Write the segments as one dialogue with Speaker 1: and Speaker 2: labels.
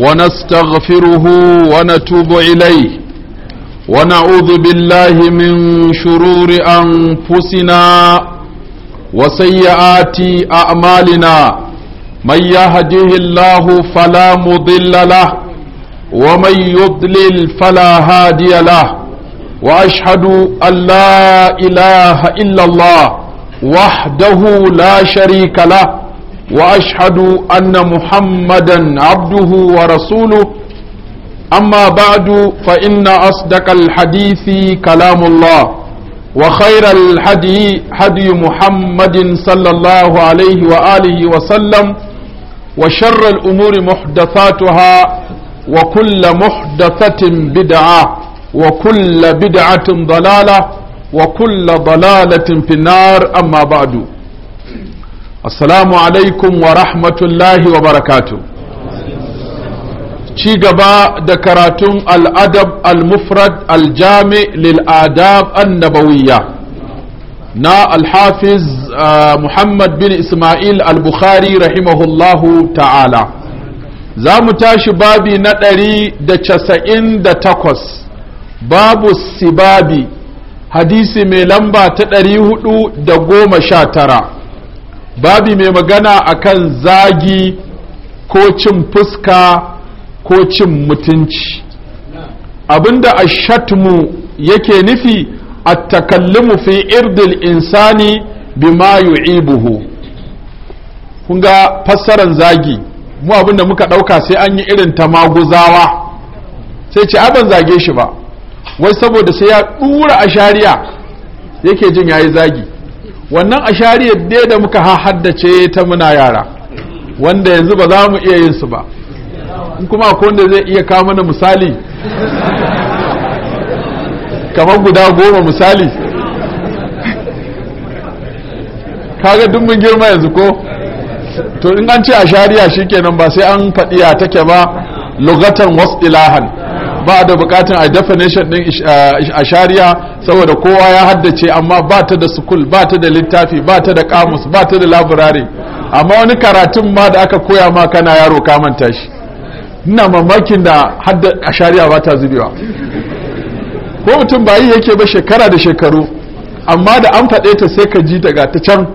Speaker 1: ونستغفره ونتوب إليه ونعوذ بالله من شرور أنفسنا وسيئات أعمالنا من يهده الله فلا مضل له ومن يضلل فلا هادي له وأشهد أن لا إله إلا الله وحده لا شريك له واشهد ان محمدا عبده ورسوله اما بعد فان اصدق الحديث كلام الله وخير الهدي هدي محمد صلى الله عليه واله وسلم وشر الامور محدثاتها وكل محدثه بدعه وكل بدعه ضلاله وكل ضلاله في النار اما بعد assalamu alaikum wa rahmatullahi wa barakatu ci gaba da karatun al'adab al-mufrad al-jami lil'adab annabawiyya na alhafiz uh, muhammad bin ismail al-bukhari rahimahullahu ta'ala za mu tashi babi na ɗari da casa'in da takwas babu sibabi hadisi mai lamba ta ɗari hudu da goma sha tara babi mai magana akan zagi ko cin fuska ko cin mutunci abinda ashatmu yake nufi a takallumu fi irdil insani bima yu'ibuhu kun ga fassaran zagi mu abinda muka dauka sai an yi irin ta maguzawa sai ce ban zage shi ba wai saboda sai ya dura a shari'a yake jin yayi zagi wannan a shari'ar dai da muka haddace ta muna yara wanda yanzu ba za mu iya yin su ba in kuma akwai wanda zai iya kawo mana misali kamar guda goma misali kaga duk mun girma yanzu ko to in an ce a ashariya shikenan ba sai an faɗi faɗiya take ba lugatan wasu ilahan ba da bukatun a definition din a shari'a saboda kowa ya haddace amma ba ta da sukul ba ta da littafi ba ta da kamus ba ta da laburare amma wani karatun ma da aka koya ma kana yaro ka manta shi ina mamakin da hadda a shari'a ba ta zubewa ko mutum ba yi yake ba shekara da shekaru amma da an faɗe ta sai ka ji daga ta can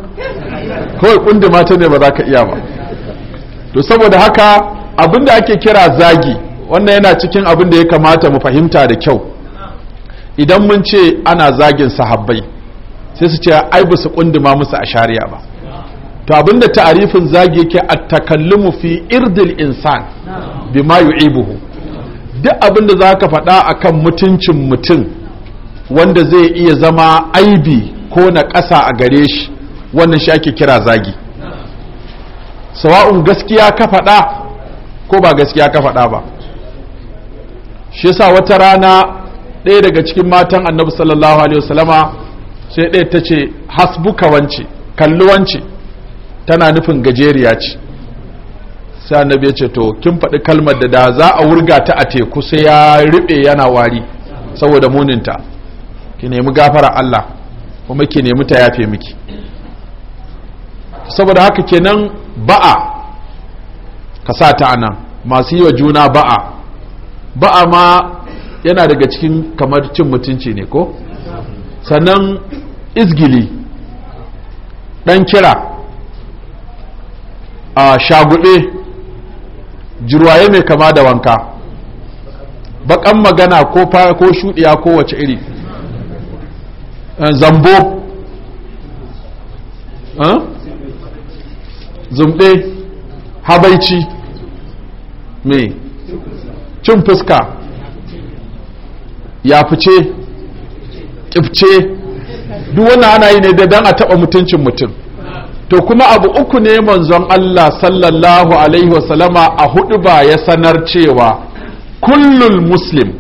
Speaker 1: kawai kundi ta ne ba za ka iya ba to saboda haka abin da ake kira zagi wannan yana cikin abin da ya kamata mu fahimta da kyau idan mun ce ana zagin sahabbai sai su ce ai ba su kunduma musu a shari'a ba to abin da ta'arifin zagi yake a takallumu fi irdil insan ma yu'ibuhu duk abin za ka faɗa a kan mutuncin mutum wanda zai iya zama aibi ko na ƙasa a gare shi wannan shi ake kira zagi sawa'un gaskiya ka faɗa ko ba gaskiya ka faɗa ba shi yasa wata rana ɗaya daga cikin matan annabi sallallahu alaihi wasallama sai ɗaya ta ce hasbuka wance tana nufin gajeriya ce sai annabi ya ce to kin faɗi kalmar da da za a wurga ta a teku sai ya riɓe yana wari saboda muninta ki nemi gafara Allah kuma ki nemi ta yafe miki saboda haka kenan ba'a ka sa ta anan masu yi wa juna ba'a ba'a ma yana daga cikin kamar cin mutunci ne ko sannan izgili ɗan kira a shagube jirwaye mai kama da wanka Bakan magana ko ko shuɗiya ko wace iri eh, zambo eh, zumbe habaici mai cin fuska ya fice ƙifce duk wannan ana yi ne da dan a taɓa mutuncin mutum to kuma abu uku ne manzon Allah sallallahu alaihi wasallama a hudu ba ya sanar cewa kullul muslim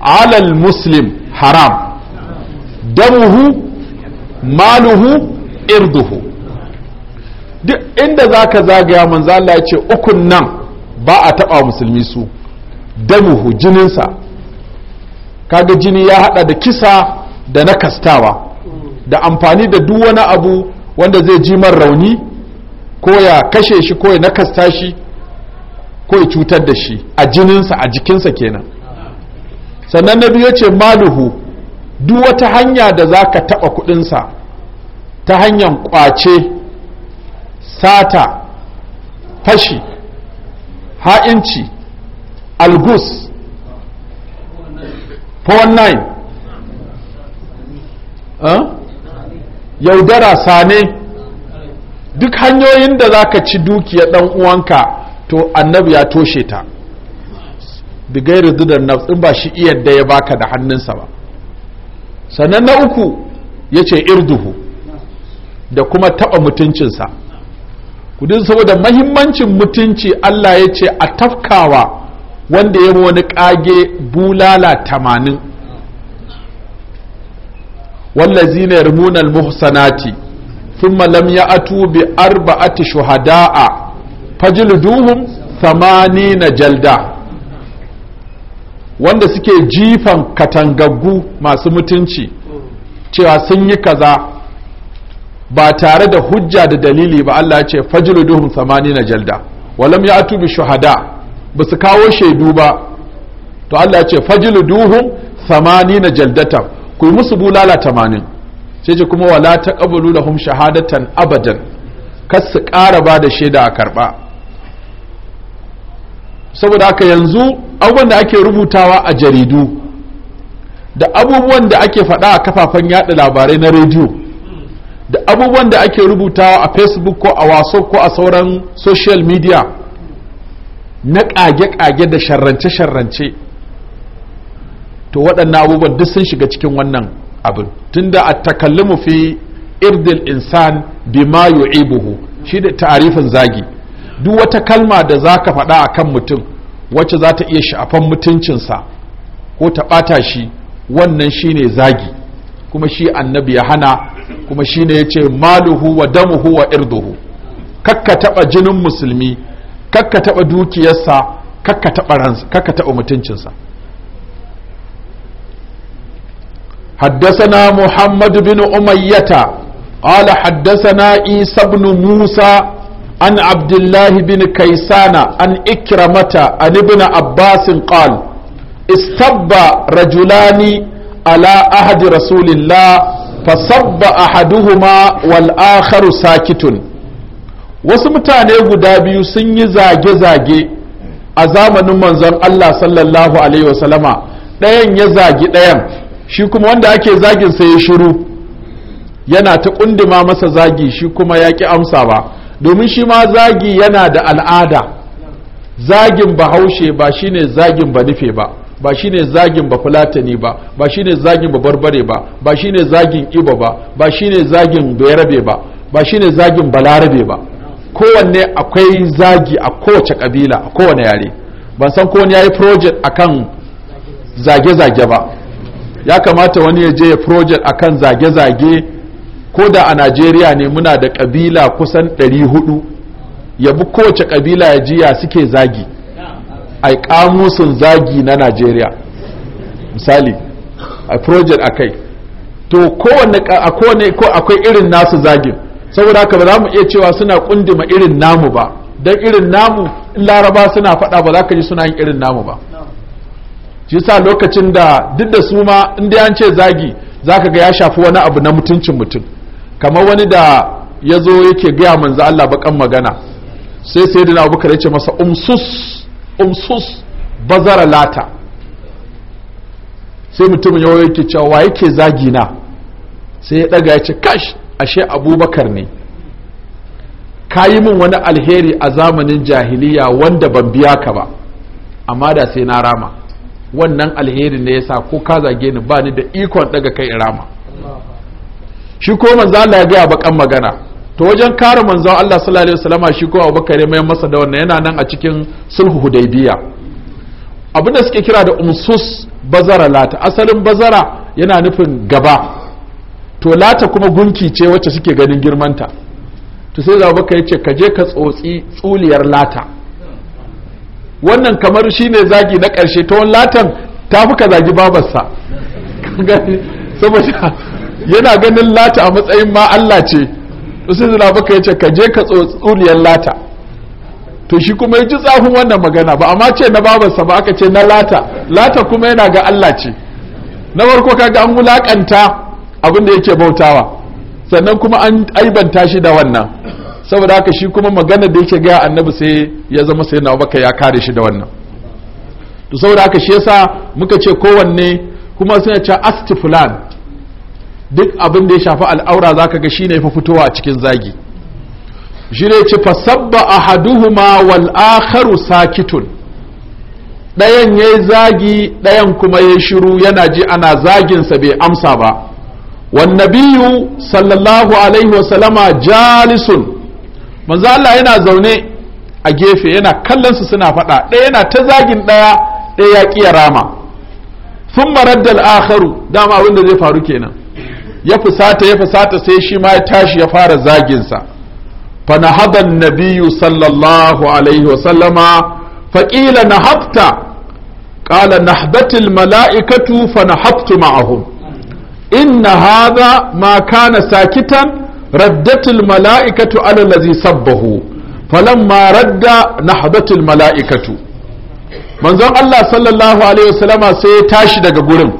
Speaker 1: alal muslim haram damuhu maluhu irduhu duk inda za ka zagaya manzon Allah ya ce ukun nan ba a taɓa musulmi su damuhu jininsa kaga jini ya hada da kisa da na kastawa da amfani da duk wani abu wanda zai ji man rauni ko ya kashe shi ko ya nakasta shi ko ya cutar da shi a jininsa a jikinsa kenan sannan na biyu ya ce maluhu duk wata hanya da za ka taɓa kuɗinsa ta hanyar ƙwace sata fashi ha'inci algus 419 yaudara sane duk hanyoyin da zaka ci dukiya ɗan uwanka to annabi ya toshe ta da zidar nafs in ba shi iya da ya baka da hannunsa ba sannan na uku ya ce irduhu da kuma taɓa mutuncinsa kudin saboda mahimmancin mutunci Allah ya ce a tafkawa wanda ya yi wani kage bulala tamanin wallazi na yarmunan muhsanati ثم لم a بأربعة duhun samani na jalda. wanda suke jifan katangaggu masu mutunci cewa sun yi kaza ba tare da hujja da dalili ba Allah ya ce fajluduhum na jalda walam ya'tu bi shuhada ba su kawo shaidu ba to Allah ya ce samani na jaldata ku yi musu bulala tamanin sai ce kuma wala taqabulu lahum shahadatan abadan kar su ƙara ba da shaida a karɓa saboda haka yanzu abubuwan da ake rubutawa a jaridu da abubuwan da ake faɗa a kafafen yada labarai na rediyo da abubuwan da ake rubutawa a facebook ko a waso ko a sauran social media na ƙage-ƙage da sharrance-sharrance to waɗannan abubuwan duk sun shiga cikin wannan abin tunda a takallumu fi irdil insan bima yu'ibuhu shi da ta'arifin zagi duk wata kalma da za ka faɗa a kan mutum wacce za ta iya shafan mutuncinsa ko ta ɓata shi wannan shi ne zagi kuma shi annabi ya hana kuma shi ne shine yace maluhu wa damuhu wa irduhu kakka taɓa jinin musulmi kakka taɓa dukiyarsa kakka taɓa ransa kakka taɓa mutuncinsa حدثنا محمد بن أمية قال حدثنا عيسى بن موسى عن عبد الله بن كيسان عن إكرمة عن ابن عباس قال استب رجلان على أحد رسول الله فصب أحدهما والآخر ساكت wasu mutane guda biyu sun yi zage-zage a zamanin manzon Allah sallallahu alaihi wasallama ɗayan ya zagi ɗayan shi kuma wanda ake zagin sai ya shiru yana ta ƙundima masa zagi shi kuma ya ƙi amsa ba domin shi ma zagi yana da al'ada zagin bahaushe ba shine zagin ba nufe ba ba shine zagin ba fulatani ba ba shine zagin ba barbare ba ba shine zagin ibo ba ba shine zagin bayarabe ba ba shine zagin balarabe ba kowanne akwai zagi a kowace kabila a kowane yare ban san ko ya yi project akan zage-zage ba ya kamata wani ya je project akan zage-zage ko da a Najeriya ne muna da kabila kusan 400 yabi kowace kabila ya jiya suke zagi a kamusin zagi na Najeriya misali a project akai to kowane akwai irin nasu zagin saboda haka ba za mu iya cewa suna kundima irin namu ba don irin namu in laraba suna faɗa ba za ka ji suna yin irin namu ba shi sa lokacin da duk da su ma in dai an ce zagi zaka ga ya shafi wani abu na mutuncin mutum kamar wani da ya zo yake gaya manzo Allah bakan magana sai sai da abu kare ce masa umsus umsus bazara lata sai mutum ya yake cewa yake zagi na sai ya daga ya ce kash ashe abubakar ne ka yi min wani alheri a zamanin jahiliya wanda ban biya ka ba amma da sai na rama wannan alheri ne yasa ko ka zage ni ba ni da ikon daga kai in rama shi ko manzo Allah ya gaya bakan magana to wajen kare manzo Allah sallallahu alaihi wasallama shi ko Abubakar ya mai masa da wannan yana nan a cikin sulhu hudaybiya abinda suke kira da umsus bazara lata asalin bazara yana nufin gaba to lata kuma gunki ce wacce suke ganin girmanta to sai za baka ya ce ka je ka tsotsi tsuliyar lata wannan kamar shine zagi na ƙarshe ta wani latan ta fi ka zagi babarsa saboda yana ganin lata a matsayin ma Allah ce to sai za baka ya ce ka je ka tsotsi tsuliyar lata to shi kuma ya ji tsafin wannan magana ba amma ce na babarsa ba aka ce na lata lata kuma yana ga Allah ce na farko kaga an wulakanta abin da yake bautawa sannan kuma an aibanta shi da wannan saboda haka shi kuma magana da yake gaya annabi sai ya zama sai nawa baka ya kare shi da wannan to saboda haka shi yasa muka ce kowanne kuma suna ce astifulan duk abin da ya shafi al'aura zaka ga shine fa fitowa a cikin zagi shi ne ce fasabba ahaduhuma wal akharu sakitun ɗayan yayi zagi ɗayan kuma yayi shiru yana ji ana zagin sa bai amsa ba wannabiyu sallallahu alaihi wasallama jalisun manzo Allah yana zaune a gefe yana kallon su suna faɗa ɗaya yana ta zagin ɗaya ɗaya ya ƙiya rama sun maraddal akharu dama abin da zai faru kenan ya fusata ya fusata sai shi ma ya tashi ya fara zaginsa fa nahada an-nabiyyu sallallahu alaihi wasallama فقيل نهبت mala'ikatu نهبت الملائكة فنهبت معهم inna hadha ma kana sakitan raddatul mala'ikatu ala allazi sabbahu falamma radda nahdatul mala'ikatu manzon Allah sallallahu alaihi wasallama sai ya tashi daga gurin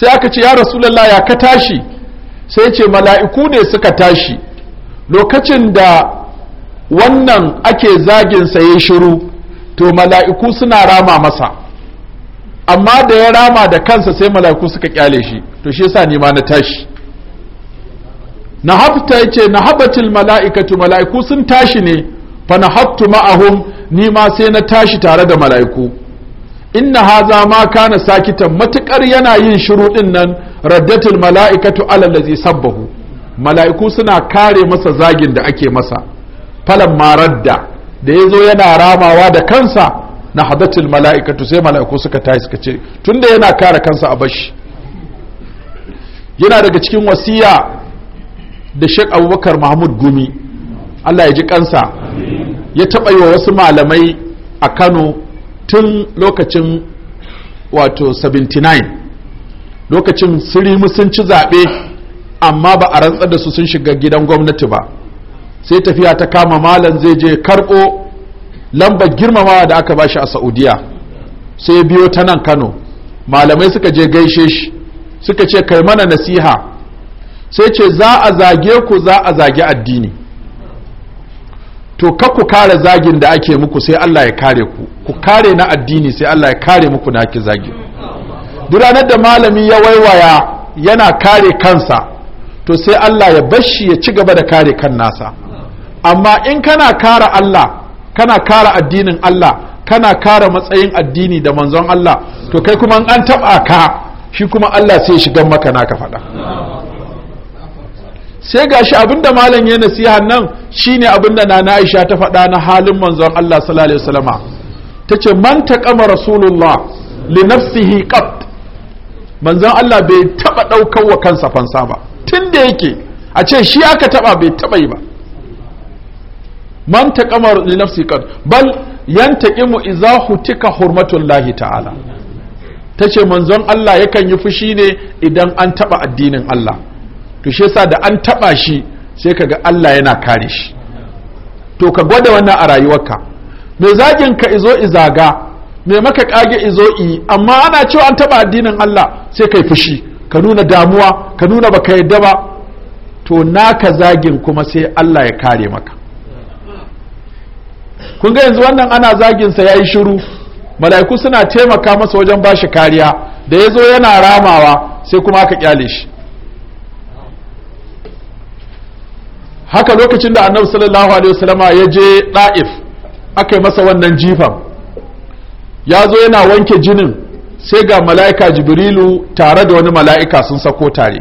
Speaker 1: sai aka ce ya rasulullah ya ka tashi sai ya ce mala'iku ne suka tashi lokacin da wannan ake zagin sa ya shiru to mala'iku suna rama masa amma da ya rama da kansa sai mala'iku suka kyale shi to shi yasa nima na tashi nahabta yace na mala'ikatu mala'iku sun tashi ne fa na ma'ahum nima sai na tashi tare da mala'iku inna haza ma kana sakitan matukar yana yin shiru din nan raddatul mala'ikatu ala allazi sabbahu mala'iku suna kare masa zagin da ake masa falan ma radda da yazo yana ramawa da kansa na hadatul mala'ikatu sai mala'iku suka tashi suka ce tunda yana kare kansa a bashi yana daga cikin wasiya da shek Abubakar Mahmud Gumi Allah ya ji kansa ya taɓa yi wa wasu malamai a Kano tun lokacin wato 79 lokacin sirimu sun ci zaɓe amma ba a rantsar da su sun shiga gidan gwamnati ba sai tafiya ta kama malam zai je karɓo lambar girmamawa da aka bashi a saudiya sai biyo ta nan kano malamai suka je gaishe shi suka ce kai mana nasiha sai ce za a zage ku za a zage addini to ka ku kare zagin da ake muku sai Allah ya kare ku ku kare na addini sai Allah ya kare muku na ki zagin duranar da malami ya waiwaya yana kare kansa to sai Allah ya bashi ya ci gaba da kare kan nasa amma in kana kare Allah kana kare addinin Allah kana kare matsayin addini da manzon Allah to kai kuma an taba ka shi kuma Allah sai shiga maka naka faɗa sai gashi abinda malam ya nasiha nan shine abinda nana Aisha ta faɗa na halin manzon Allah sallallahu alaihi ta tace man taqama rasulullah li nafsihi qat manzon Allah bai taba daukar wa kansa fansa ba tunda yake a ce shi aka taba bai taba yi ba man taqama li nafsihi qat bal yantaqimu idza hutika hurmatullahi ta'ala ta ce manzon Allah yakan yi fushi ne idan an taɓa addinin Allah to shi yasa da an taɓa shi sai kaga Allah yana kare shi to ka gwada wannan a rayuwarka mai zagin ka izo izaga mai maka kage izo i amma ana cewa an taɓa addinin Allah sai kai fushi ka nuna damuwa ka nuna baka yadda ba to naka zagin kuma sai Allah ya kare maka kun ga yanzu wannan ana zagin sa yayi shiru mala'iku suna taimaka masa wajen bashi kariya da ya zo yana ramawa sai kuma aka kyale shi haka lokacin da annabi sallallahu alaihi wasallama ya je da'if aka yi masa wannan jifan ya zo yana wanke jinin sai ga mala'ika jibrilu tare da wani mala'ika sun sako tare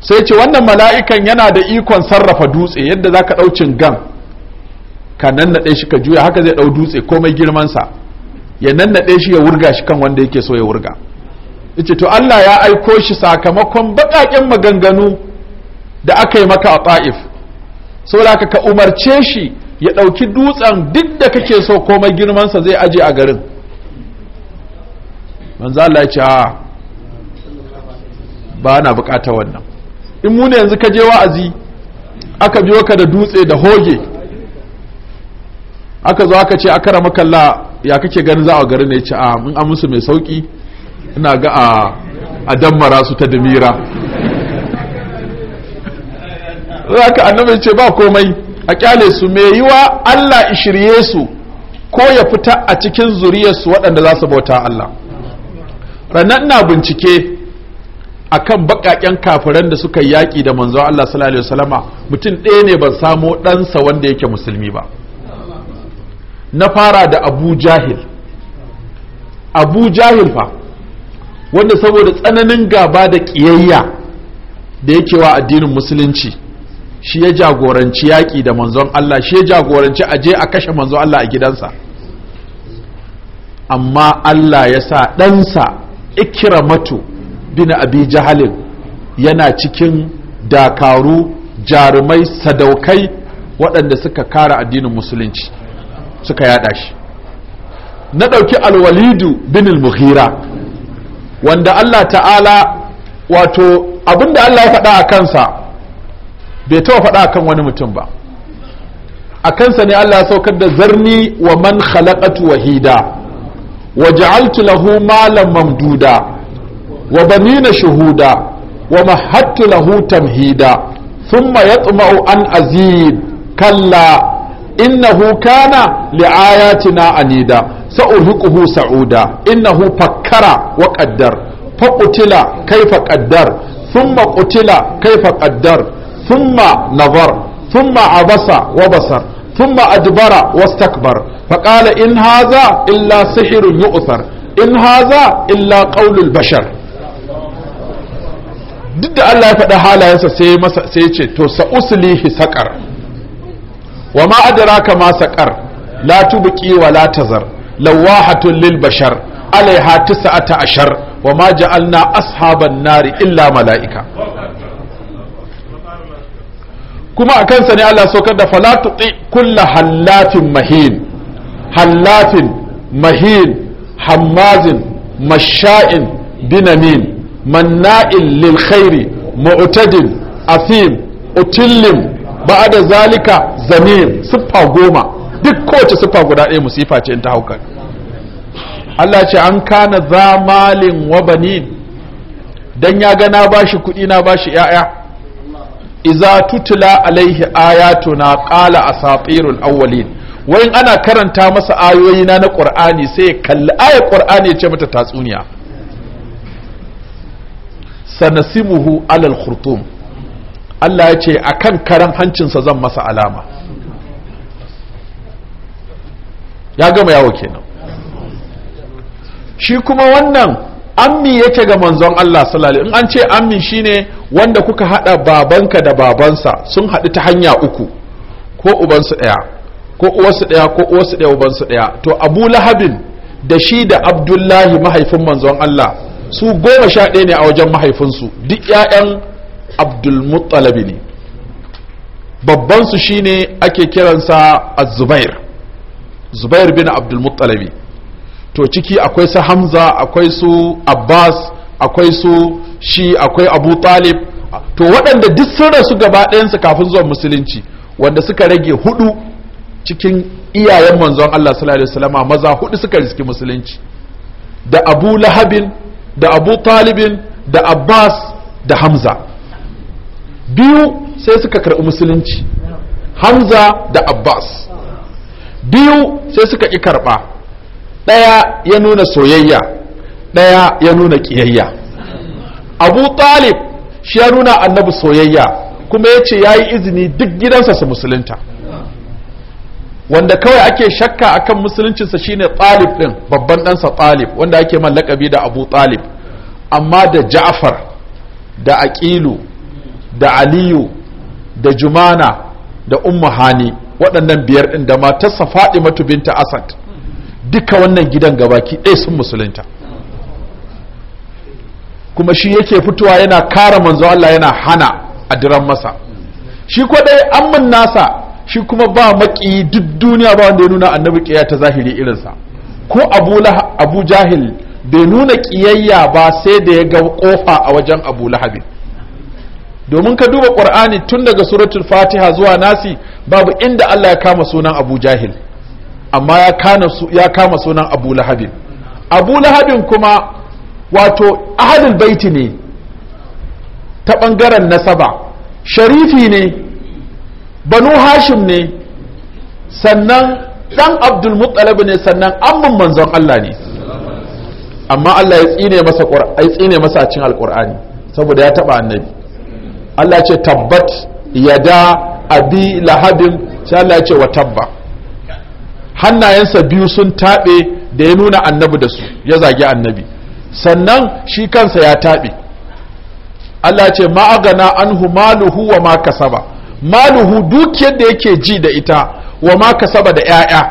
Speaker 1: sai ce wannan mala'ikan yana da ikon sarrafa dutse yadda za ka ɗaucin gan ka nannaɗe shi ka juya haka zai ɗau dutse komai girmansa ya nannaɗe shi ya wurga shi kan wanda yake so ya wurga Ice to Allah ya aiko shi sakamakon baƙaƙen maganganu da aka yi maka a ta'if saboda haka ka umarce shi ya ɗauki dutsen duk da kake so komai girmansa zai aje a garin manzo Allah ba na bukata wannan in mu yanzu ka je wa'azi aka biyo ka da dutse da hoge aka zo aka ce akara makalla ya kake ganin za a garin ne ce a ah, mun an musu mai sauki ina ga a a su ta damira za ka annabi ce ba komai a kyale su mai yiwa Allah ishirye su ko ya fita a cikin zuriyarsu waɗanda za su bauta Allah rannan na bincike a kan baƙaƙen kafiran da suka yaƙi da manzo Allah sallallahu alaihi wasallama mutum ɗaya ne ban samo ɗansa wanda yake musulmi ba na fara da abu jahil abu jahil fa wanda saboda tsananin gaba da ƙiyayya da yake wa addinin musulunci shi ya jagoranci yaƙi da manzon Allah shi ya jagoranci aje a kashe manzon Allah a gidansa amma Allah ya sa ɗansa ikramatu bin abi jahalin yana cikin dakaru jarumai sadaukai waɗanda suka kara addinin musulunci suka yada shi na ɗauki alwalidu bin muhira wanda Allah ta'ala wato abinda Allah ya faɗa a kansa bai taɓa faɗa a kan wani mutum ba a kansa ne Allah ya saukar da zarni wa man khalaqatu wahida wa ja'altu lahu malan mamduda wa banina shuhuda wa mahattu lahu tamhida thumma yatma'u an azid kalla innahu kana li'ayatina anida sa'urhiquhu sa'uda innahu fakkara wa qaddar faqutila kaifa qaddar thumma kai kaifa qaddar thumma nazar thumma abasa wa basar thumma adbara wastakbar faqala in hadha illa sihrun yu'thar in hadha illa qawlul bashar duk da Allah ya faɗi halayensa sai ya ce to sa'u sa'uslihi saƙar. wa ma adraka ma saqar la tubqi wa la tazar lawahatun lil bashar alaiha tis'ata ashar wa ma ja'alna ashaban nari illa mala'ika kuma a kansa ne Allah saukar da fala tuqi kulla hallafin mahin hallafin mahin hammazin masha'in binamin manna'in lil khairi mu'tadin asim utillin ba'da zalika zamir siffa goma duk kowace siffa guda ɗaya musifa ce in ta haukar Allah ce an kana za malin wa banin dan ya ga na bashi kuɗi na bashi ya'ya iza tutula alaihi ayatuna qala asatirul awwalin wayin ana karanta masa ayoyi na na qur'ani sai kalli ayar qur'ani ce mata tatsuniya sanasimuhu alal khurtum Allah ya ce a kan karan hancinsa zan masa alama ya gama yawo kenan shi kuma wannan ammi yake ga manzon Allah sallallahu in an ce ammi shine wanda kuka hada babanka da babansa sun haɗu ta hanya uku ko ubansu ɗaya ko uwarsu ɗaya ko uwarsu ɗaya ubansu ɗaya to abu lahabin da shi da abdullahi mahaifin manzon Allah su goma sha ɗaya ne a wajen mahaifinsu duk 'ya'yan abdulmuttalabi ne babbansu shine ake kiransa az-zubair zubair bin abdulmuttalabi to ciki akwai sa hamza akwai su abbas akwai su shi akwai abu talib to waɗanda duk sun rasu gaba ɗayansu kafin zuwa musulunci wanda suka rage hudu cikin iyayen manzon Allah sallallahu alaihi wasallama maza hudu suka riski musulunci da abu lahabin da abu talibin da abbas da hamza biyu sai suka karɓi musulunci hamza da abbas biyu sai suka ƙi karɓa ɗaya ya nuna soyayya ɗaya ya nuna ƙiyayya abu talib shi ya nuna annabi soyayya kuma ya ce ya yi izini duk gidansa su musulunta wanda kawai ake shakka a kan musuluncinsa shine talib ɗin babban ɗansa talib wanda ake man lakabi da abu talib amma da ja'far da aqilu da aliyu da jumana da umma hani waɗannan biyar ɗin da matarsa matu binta asad duka wannan gidan gabaki ɗaya sun musulunta kuma shi yake fitowa yana kara manzo Allah yana hana a adiran masa shi kwadai amman nasa shi kuma ba maki duk duniya ba wanda ya nuna annabi kiyaya ta zahiri irinsa ko abu, abu jahil bai nuna ƙiyayya ba sai da ya ga kofa a wajen abu domin ka duba qur'ani tun daga suratul fatiha zuwa nasi babu inda Allah ya kama sunan abu jahil amma ya kama sunan abu lahabin abu lahabin kuma wato ahadin baiti ne ta ɓangaren nasaba sharifi ne banu hashim ne sannan dan abdul muttalib ne sannan amman manzon Allah ne amma Allah ya tsine masa ya tsine masa a cikin alqur'ani saboda ya taɓa annabi Allah ce tabbat yada abi lahabin sai Allah ce wa tabba hannayensa biyu sun taɓe da ya nuna annabi da su ya zagi annabi sannan shi kansa ya taɓe Allah ce ma'agana anhu maluhu wa ma kasaba maluhu dukiyar da yake ji da ita wa ma kasaba da 'ya'ya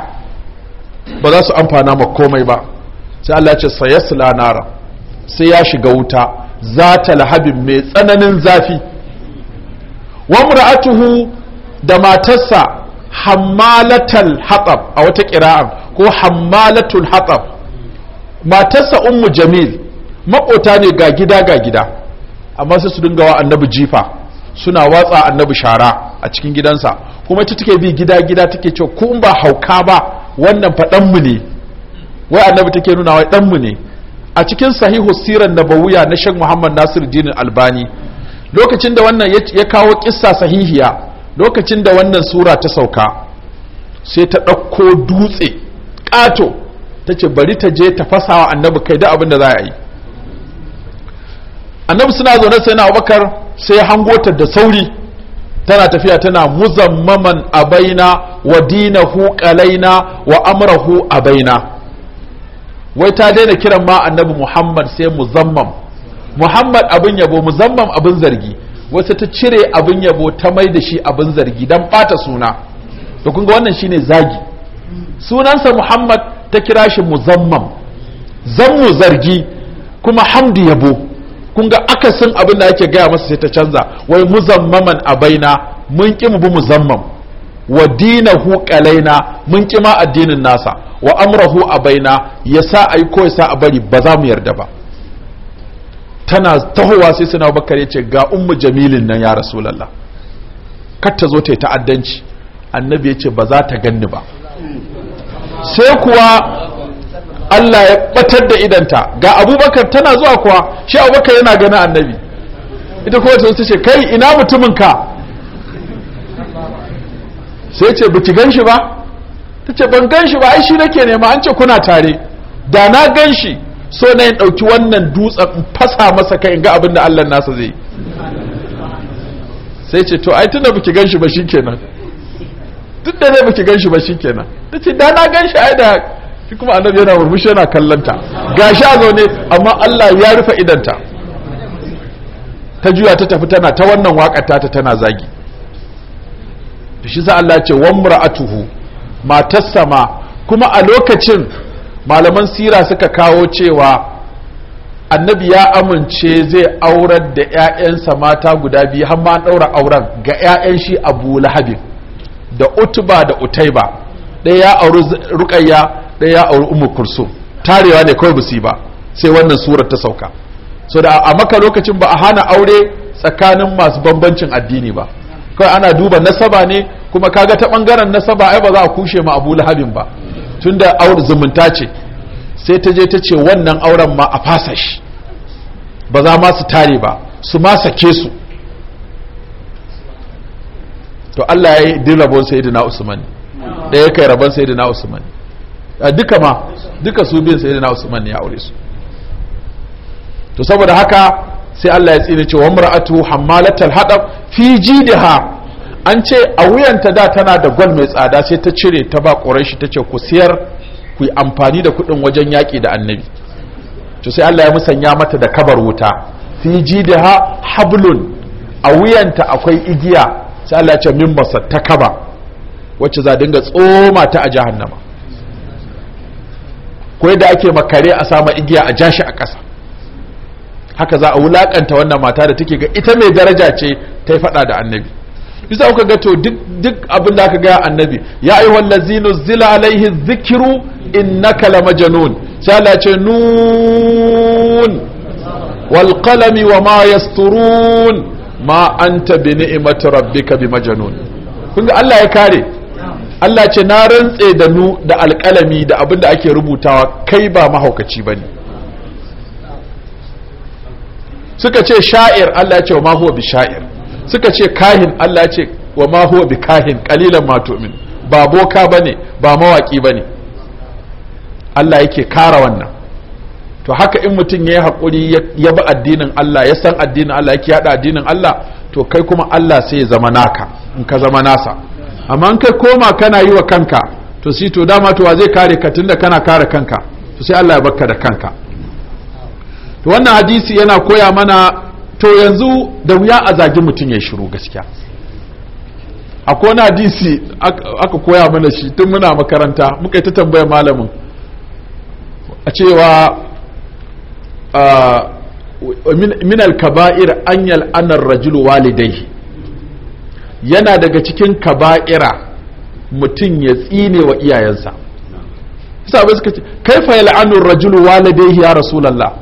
Speaker 1: ba za su amfana ma komai ba sai Allah ce sayasla nara sai ya shiga wuta za ta lahabin mai tsananin zafi wa mura'atuhu da matarsa hammalatal hatsab a wata ƙira'an ko hammalatul hatsab matarsa ummu jamil maƙota ne ga gida ga gida amma sai su dinga wa annabi jifa suna watsa annabi shara a cikin gidansa kuma ita take bi gida gida take cewa ko ba hauka ba wannan fa mu ne wai annabi take nuna wai mu ne a cikin sahihu sirar nabawiya na Sheikh Muhammad Nasir Dinin Albani lokacin da wannan ya kawo kissa sahihiya lokacin da wannan sura ta sauka sai ta ɗauko dutse ƙato ta ce bari ta je ta fasa wa annabi kai da abin da za a yi annabi suna zaune sai na abubakar sai ya hango da sauri tana tafiya tana muzammaman abaina wa dinahu kalaina wa amrahu baina wai ta daina kiran ma annabi muhammad sai muzammam muhammad abin yabo musamman abin zargi wasu ta cire abin yabo ta mai da shi abin zargi don bata suna da kunga wannan wannan shine zagi sunansa muhammad ta kira shi muzammam zammu zargi kuma hamdu yabo kunga ga akasin abin da yake gaya masa sai ta canza wai muzammaman a baina mun ki mu bi muzammam wa dinahu qalaina mun ki ma addinin nasa wa amrahu a baina yasa ai ko yasa a bari ba za mu yarda ba tana tahowa sai suna bakar ya ce ga ummu jamilin nan ya rasulallah kar ta zo ta yi ta'addanci annabi ya ce ba za ta ganni ba sai kuwa Allah ya batar da idanta ga abubakar tana zuwa kuwa shi abubakar yana gani annabi ita kuma ta ce kai ina mutumin ka sai ce biki gan shi ba ta ce ban gan shi ba ai shi nake nema an ce kuna tare da na gan shi so na yin ɗauki wannan dutsen fasa masa kai ga abin da Allah nasa zai sai ce to ai tunda baki gan shi ba shikenan duk da zai baki gan shi ba shikenan ta ce da na gan shi ai da shi kuma annabi yana murmushi yana kallanta gashi a zaune amma Allah ya rufe idanta ta juya ta tafi tana ta wannan waƙar ta tana zagi shi sa Allah ce wa mar'atuhu matarsa ma kuma a lokacin malaman sira suka kawo cewa annabi ya amince zai aurar da 'ya'yansa mata guda biyu har ma ɗaura auren ga 'ya'yan shi abu lahabin da utuba da utaiba ɗaya ya auri rukayya ɗaya ya auri umu kursu tarewa ne kawai busi ba sai wannan surar ta sauka so da a maka lokacin ba a hana aure tsakanin masu bambancin addini ba kawai ana duba nasaba ne kuma kaga ta ɓangaren nasaba ai ba za a kushe ma abu lahabin ba tunda aure zumunta ce sai ta je ta ce wannan auren ma a fasa shi ba za ma su tare ba su ma sake su to Allah ya yi din rabon sayyidina Usman da ya kai rabon sayyidina Usman duka ma duka su bin sayyidina Usman ya aure su to saboda haka sai Allah ya tsine cewa mar'atu hammalatal hadab fi jidha an ce a wuyanta da tana da gwal mai tsada sai ta cire ta ba ƙorashi ta ce ku siyar ku yi amfani da kuɗin wajen yaƙi da annabi to sai Allah ya musanya mata da kabar wuta fi ji da hablun a wuyanta akwai igiya sai Allah ya ce min basa ta kaba wacce za dinga tsoma ta a jahannama ko yadda ake makare a sama igiya a jashi a ƙasa haka za a wulakanta wannan mata da take ga ita mai daraja ce ta yi faɗa da annabi isa kuka ga to duk abin da aka gaya annabi ya ayi wallazinu zila alaihi zikiru innaka la majnun sai ce nun wal qalami wa ma yasturun ma anta bi ni'mati rabbika bi majnun kun ga Allah ya kare Allah ce na rantse da nu da alƙalami da abin da ake rubutawa kai ba mahaukaci ba ne. suka ce sha'ir Allah ya ce ma huwa bi sha'ir suka ce kahin Allah ce wa ma huwa bi kahin qalilan ma tu'min ba boka bane ba mawaki bane Allah yake kara wannan to haka in mutum ya yi hakuri ya bi addinin Allah ya san addinin Allah yake yada addinin Allah to kai kuma Allah sai ya zama naka in ka zama nasa amma in kai koma kana yi wa kanka to sai to dama to wa zai kare ka tunda kana kare kanka to sai Allah ya barka da kanka to wannan hadisi yana koya mana to yanzu da wuya a zagi mutum ya shiru gaskiya a kona dc aka koya mana shi tun muna makaranta muka yi ta tambaya malamin a cewa min kaba'ir an yal'anar rajulu walidai yana daga cikin kaba'ira mutum ya tsine wa iyayensa sabu suka ce kaifa yal'anur rajulu walidai ya rasulallah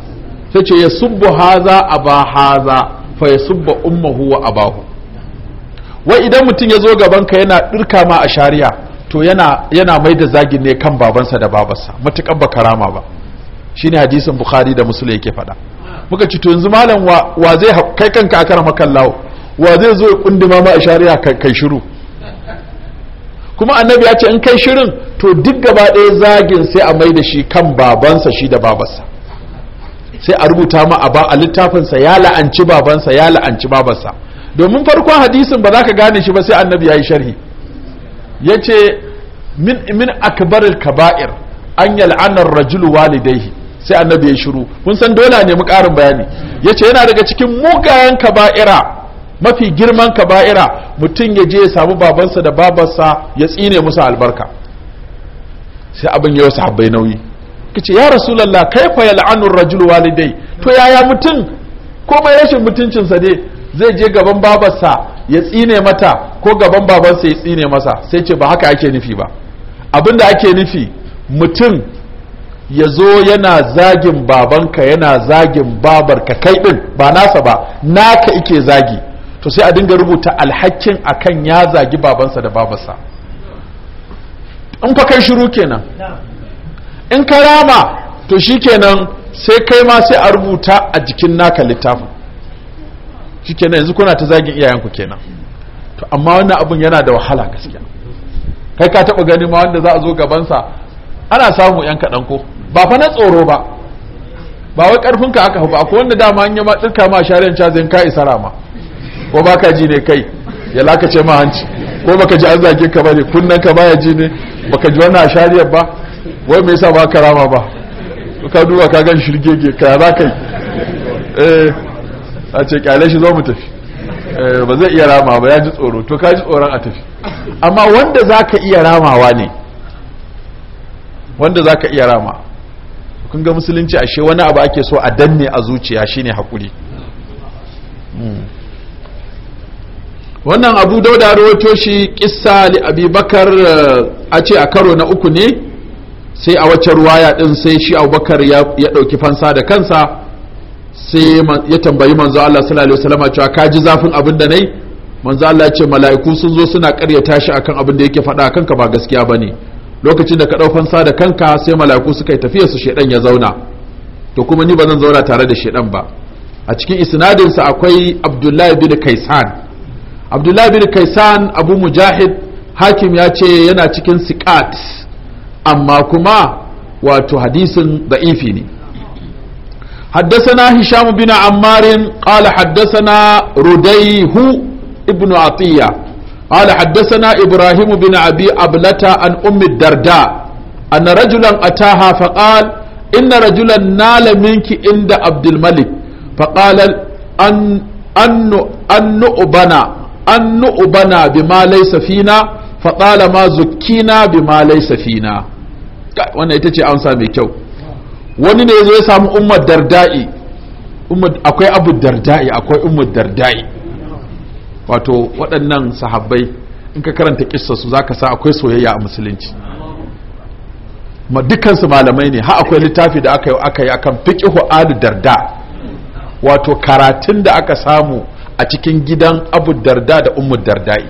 Speaker 1: sai ce ya subbu haza a ba haza fa ya subba a wa abahu wai idan mutum ya zo ka yana ɗirka ma a shari'a to yana mai da zagin ne kan babansa da babarsa matukar ba karama ba shine hadisin bukhari da muslim yake faɗa muka ci to yanzu malam wa, wa zai kai kanka a karama kallawo wa zai zo ya kunduma ma a shari'a kai, kai shiru kuma annabi ya ce in kai shirin to duk gaba ɗaya zagin sai a mai da shi kan babansa shi da babarsa sai a rubuta ma a ba a littafinsa ya la'anci babansa ya la'anci babansa domin farkon hadisin ba za ka gane shi ba sai annabi ya yi sharhi ya ce min akbar kaba'ir an yal'anar rajulu walidaihi sai annabi ya shiru kun san dole ne mu karin bayani ya ce yana daga cikin mugayen kaba'ira mafi girman kaba'ira mutum ya je ya samu babansa da babarsa ya tsine musu albarka sai abin yau sahabbai nauyi kace ya rasulullah kaifa yal'anu ar-rajulu walidai to yaya mutum komai rashin mutuncinsa ne zai je gaban babarsa ya tsine mata ko gaban babansa ya tsine masa sai ce ba haka ake nufi ba abinda ake nufi mutum ya zo yana zagin babanka yana zagin babarka kai din ba nasa ba naka ike zagi to sai a dinga rubuta alhakin akan ya zagi babansa da babarsa in fa kai shiru kenan in ka rama to shikenan sai kai ma sai a rubuta a jikin naka littafin shikenan yanzu kuna ta zagin iyayenku kenan to amma wannan abun yana da wahala gaskiya kai ka taba gani ma wanda za a zo gaban sa ana samu yan kadan ko ba fa na tsoro ba ba wai karfin ka aka ba akwai wanda dama an yi ma tsirka ma shari'an cazin ka isa rama ko ba ji ne kai ya lakace ma hanci ko baka ji an zage ka bane Kunnan ka baya ji ne baka ji wannan shariyar ba wai me yasa ba ka rama ba ka duba ka gan shirgege ka za ka yi eh a ce kyale shi zo mu tafi eh, ba zai iya rama ba ya ji tsoro to ka ji tsoron a tafi amma wanda za ka iya ramawa ne wanda za ka iya rama kun ga musulunci ashe wani abu ake so a danne a zuciya shine hakuri hmm. wannan abu dauda rawato shi kissa li abubakar eh, a ce a karo na uku ne sai a wacce ruwaya din sai shi abubakar ya ɗauki fansa da kansa sai ya tambayi manzo Allah sallallahu alaihi wasallam cewa ka ji zafin abin da nayi manzo Allah ya ce mala'iku sun zo suna karyata shi akan abin da yake faɗa kanka ba gaskiya bane lokacin da ka ɗau fansa da kanka sai mala'iku suka yi tafiya su shedan ya zauna to kuma ni ba zan zauna tare da shedan ba a cikin isnadin sa akwai Abdullahi bin Kaisan Abdullahi bin Kaisan Abu Mujahid hakim ya ce yana cikin siqat amma kuma wato hadisin da'ifi ne حدثنا هشام بن عمار قال حدثنا رديه ابن عطية قال حدثنا إبراهيم بن أبي أبلة عن أم الدرداء أن رجلا أتاها فقال إن رجلا نال منك عند عبد الملك فقال أن أن أن نؤبنا أن نؤبنا بما ليس فينا فقال ما زكينا بما ليس فينا wannan ita ce amsa mai kyau wani ne zai samu ummar darda'i akwai abu darda'i akwai ummar darda'i wato waɗannan sahabbai in ka karanta kissarsu za ka sa akwai soyayya a musulunci dukansu malamai ne ha akwai littafi da aka yi aka yi akan fiqihu alu darda wato karatun da aka samu a cikin gidan abu darda da ummu dardai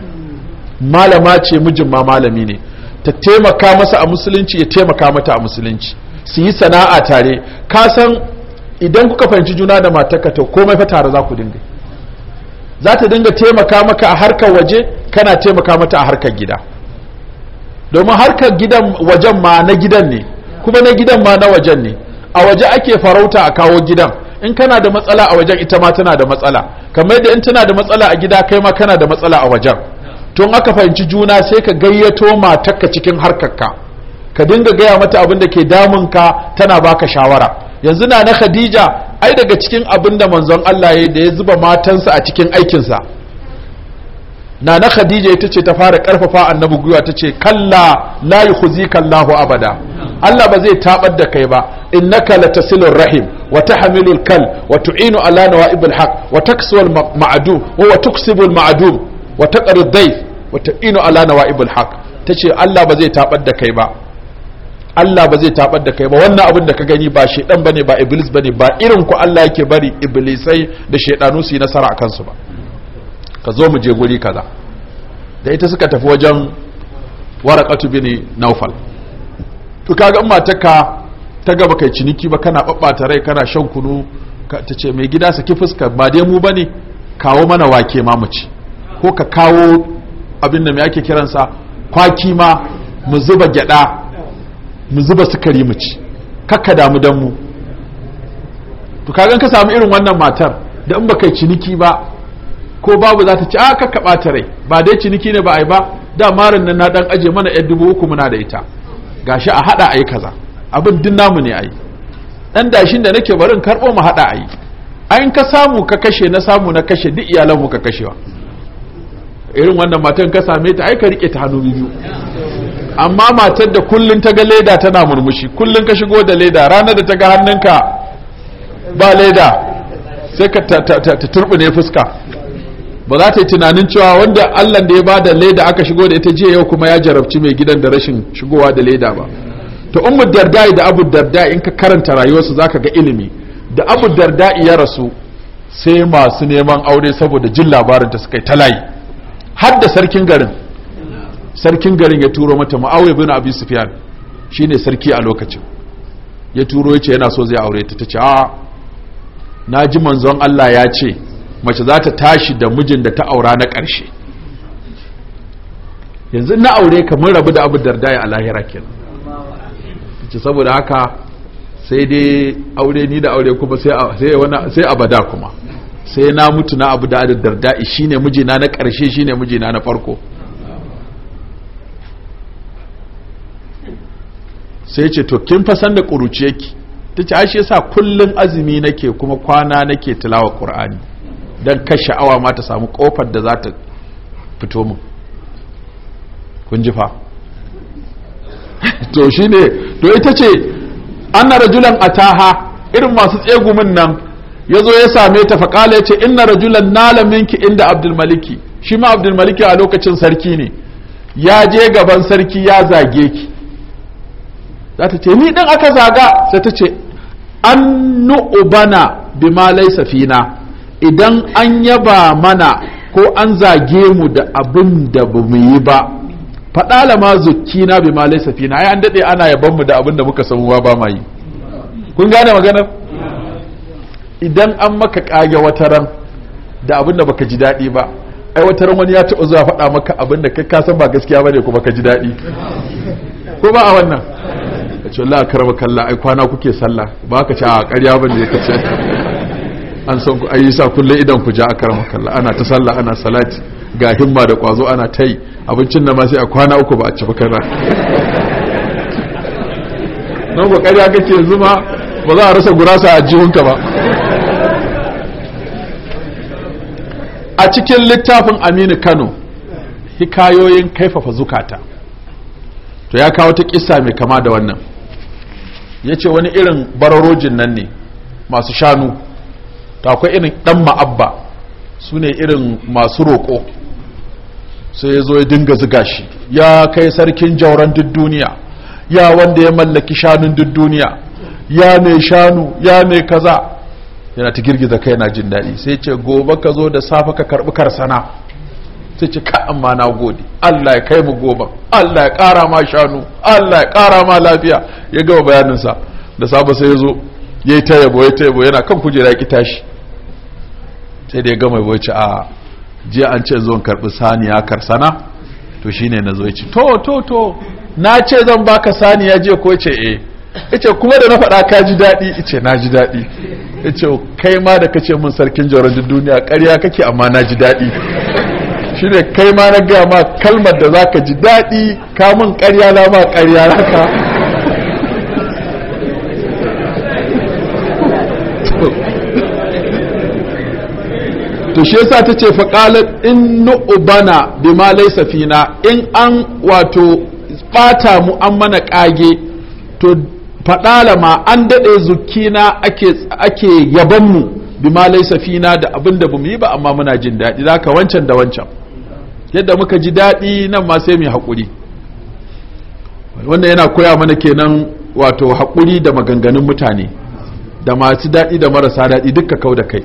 Speaker 1: malama ce mijin ma malami ne ta taimaka masa a musulunci ya taimaka mata a musulunci su yi sana'a tare kasan idan kuka fahimci juna da matarka ta komai fa tare za ku dinga za ta dinga taimaka maka a harkar waje kana taimaka mata a harkar gida domin harkar gidan wajen ma na gidan ne kuma na gidan ma na wajen ne a waje ake farauta a kawo gidan in kana da matsala a wajen ita ma tana da matsala kamar da in tana da matsala a gida kai ma kana da matsala a wajen tun aka fahimci juna sai ka gayyato matarka cikin harkarka ka dinga gaya mata abin da ke damunka tana baka shawara yanzu na na khadija ai daga cikin abin da manzon Allah ya da ya zuba matansa a cikin aikinsa na na khadija ita ce ta fara karfafa annabi gwiwa ta ce kalla la yukhzika Allahu abada Allah ba zai tabar da kai ba innaka latasilur rahim wa tahmilul kal wa tu'inu ala nawa'ibil haq wa taksul ma'dum wa tuksibul ma'dum wa taqrid dai wa ta'inu ala nawaibul haq tace Allah ba zai tabar da kai ba Allah ba zai tabar da kai ba wannan abin da ka gani ba shedan bane ba iblis bane ba irin ku Allah yake bari iblisai da shedanu su yi nasara a kansu ba ka zo mu je guri kaza da ita suka tafi wajen warakatu bin naufal to kaga in matarka ta gaba kai ciniki ba kana babbata rai kana shan kunu ta ce mai gida saki fuska ba dai mu bane kawo mana wake ma mu ci ko ka kawo abin da mai ake kiransa kwaki ma mu zuba gyada mu zuba sukari mu ci kakka damu dan mu to kagan ka samu irin wannan matar da in baka ciniki ba ko babu za ta ci a kakka bata rai ba dai ciniki ne ba a yi ba da marin nan na dan aje mana yan dubu uku muna da ita gashi a hada ai kaza abin din namu ne yi dan dashin da nake barin karbo mu hada ayi. ayin ka samu ka kashe na samu na kashe duk iyalan mu ka kashewa irin wannan matan ka same ta ai ka rike ta hannu biyu amma matar da kullun ta ga leda tana murmushi kullun ka shigo da leda ranar da ta ga hannunka ba leda sai ka ta turbine fuska ba za ta yi tunanin cewa wanda Allah da ya ba da leda aka shigo da ita jiya yau kuma ya jarabci mai gidan da rashin shigowa da leda ba to ummu dardai da abu dardai in ka karanta rayuwarsu zaka ga ilimi da abu dardai ya rasu sai masu neman aure saboda jin labarin ta suka yi talayi har da sarkin garin sarkin garin ya turo mata ma'awai bin sufiyan sufyan shine sarki a lokacin ya turo yace yana so zai aure ta ce a na ji manzon Allah ya ce mace za ta tashi da mijin da ta aura na ƙarshe yanzu na aure kamar rabu da abu dardaya a lahira kenan ce saboda haka sai dai aure ni da aure kuma sai a bada kuma sai na mutu na abu da darda'i shine mijina na ƙarshe shine mijina na farko sai ce to kin fasan da ƙuruciye ki ta ce ashe yasa kullun azumi nake kuma kwana nake tilawa qur'ani dan ka sha'awa ma ta samu kofar da za ta fito mu kun ji fa to shine to ita ce anna rajulan ataha irin masu tsegumin nan ya zo ya same ta faƙala ya ce inna rajulan nala minki inda abdulmaliki shi ma abdulmaliki a lokacin sarki ne ya je gaban sarki ya zage ki za ta ce ni ɗin aka zaga sai ta ce an nu'ubana bi laisa fina idan an yaba mana ko an zage mu da abin da ba mu yi ba faɗa ma zukina bi laisa fina ai an daɗe ana yaban mu da abin da muka samu ba ma yi kun gane maganar idan an maka kage wataran da abin da baka ji daɗi ba ai ran wani ya taɓa zuwa faɗa maka abin da ka san ba gaskiya bane kuma ka ji daɗi ko ba a wannan a ce Allah karama kalla ai kwana kuke sallah ba ka ci a ƙarya bane ka ce an san ku ayi sa kullun idan ku ja a karama kalla ana ta sallah ana salati ga himma da kwazo ana ta yi abincin na ma sai a kwana uku ba a ci ba kana don ku ƙarya kake zuma ba za a rasa gurasa a jihunka ba a cikin littafin aminu kano hikayoyin kaifafa zukata to ya kawo ta kisa mai kama da wannan ya ce wani irin bararojin nan ne masu shanu ta akwai irin dan ma'abba su ne irin masu roƙo sai ya zo ya dinga ziga shi ya kai sarkin jauran duk duniya ya wanda ya mallaki shanun duk duniya ya mai shanu ya mai kaza yana ta girgiza kai na jin daɗi sai ce gobe ka zo da safe ka karɓi karsana sai ce ka amma na gode Allah ya kai mu gobe Allah ya ƙara ma shanu Allah ya ƙara ma lafiya ya gama bayaninsa da safe sai ya zo ya yi ta yabo ya ta yabo yana kan kujera ya ki tashi sai da ya gama yabo ya ce a jiya an ce zo karɓi saniya karsana to shine na zo ya ce to to to na ce zan baka saniya jiya ko ce eh yace kuma da na faɗa ka ji daɗi yace na ji daɗi yace kai ma da kace min sarkin jawarin duniya ƙarya kake amma na ji daɗi shine kai ma na gaya ma kalmar da zaka ji daɗi ka mun ƙarya na ma ƙarya to shi yasa tace fa qalat in bi bima laysa fina in an wato bata mu an mana kage to faɗala ma an daɗe zukina ake yabanmu bima laisa fina da abinda da bamu yi ba amma muna jin daɗi za ka wancan da wancan yadda muka ji daɗi nan ma sai mu haƙuri wannan yana koya mana kenan wato haƙuri da maganganun mutane da masu daɗi da marasa daɗi duka kau da kai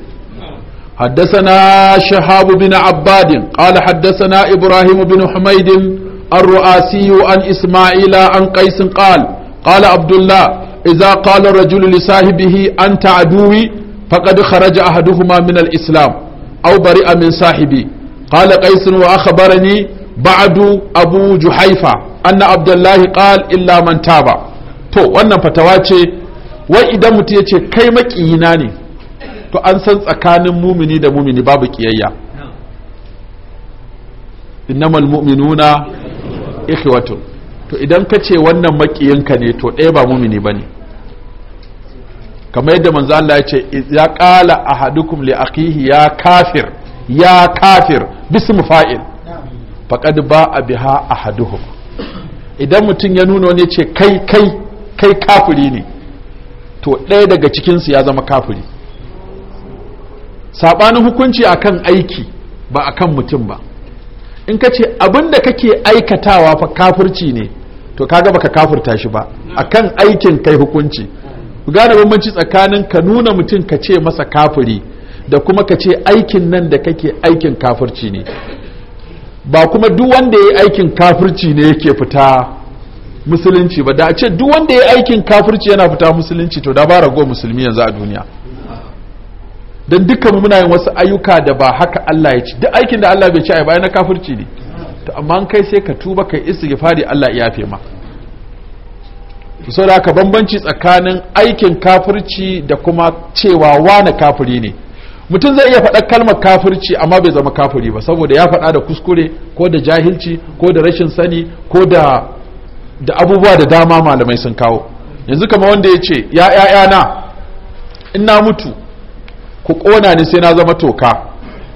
Speaker 1: حدثنا شهاب بن عباد قال حدثنا bin بن حميد الرؤاسي عن an عن قيس قال qala abdullah idza qala ar-rajulu li sahibihi anta aduwi faqad kharaja ahaduhuma min al-islam aw bari'a min sahibi قال قيس وأخبرني بعد أبو جحيفة أن عبد Abdullahi قال illa من تاب to wannan fatawa ce wai idan mutum yace kai makiyina ne to an san tsakanin mumini da mumini babu ƙiyayya. innamal mu'minuna ikhwatun to idan ka ce wannan makiyinka ne to ɗaya ba mumini ba ne kamar yadda manzo Allah ya ce ya ƙala ahadukum li akhihi ya kafir ya kafir bismu fa'il faqad ba'a biha ahaduhum idan mutum ya nuna wani ce kai kai kai kafiri ne to ɗaya daga cikinsu ya zama kafiri saɓanin hukunci akan aiki ba kan mutum ba in ka ce abinda da kake aikatawa fa kafirci ne to kaga baka kafirta shi ba akan aikin kai hukunci gane bambanci tsakanin ka nuna mutum ka ce masa kafuri da kuma ka ce aikin nan da kake aikin kafirci ne ba kuma duk wanda ya aikin kafirci ne yake fita musulunci ba da a ce duk wanda ya aikin kafurci yana fita musulunci to da ba rago musulmi yanzu a duniya don dukkan muna yin wasu ayyuka da ba haka Allah ya ci duk aikin da Allah bai ci a bayan na kafirci ne to amma kai sai ka tuba ka kai istighfari Allah ya yafe ma da haka bambanci tsakanin aikin kafirci da kuma cewa wani kafiri ne mutum zai iya faɗa kalmar kafirci amma bai zama kafiri ba saboda ya faɗa da kuskure ko da jahilci ko da rashin sani ko da da abubuwa da dama malamai sun kawo yanzu kama wanda ya ce ya na ina mutu ku ƙona ni sai na zama toka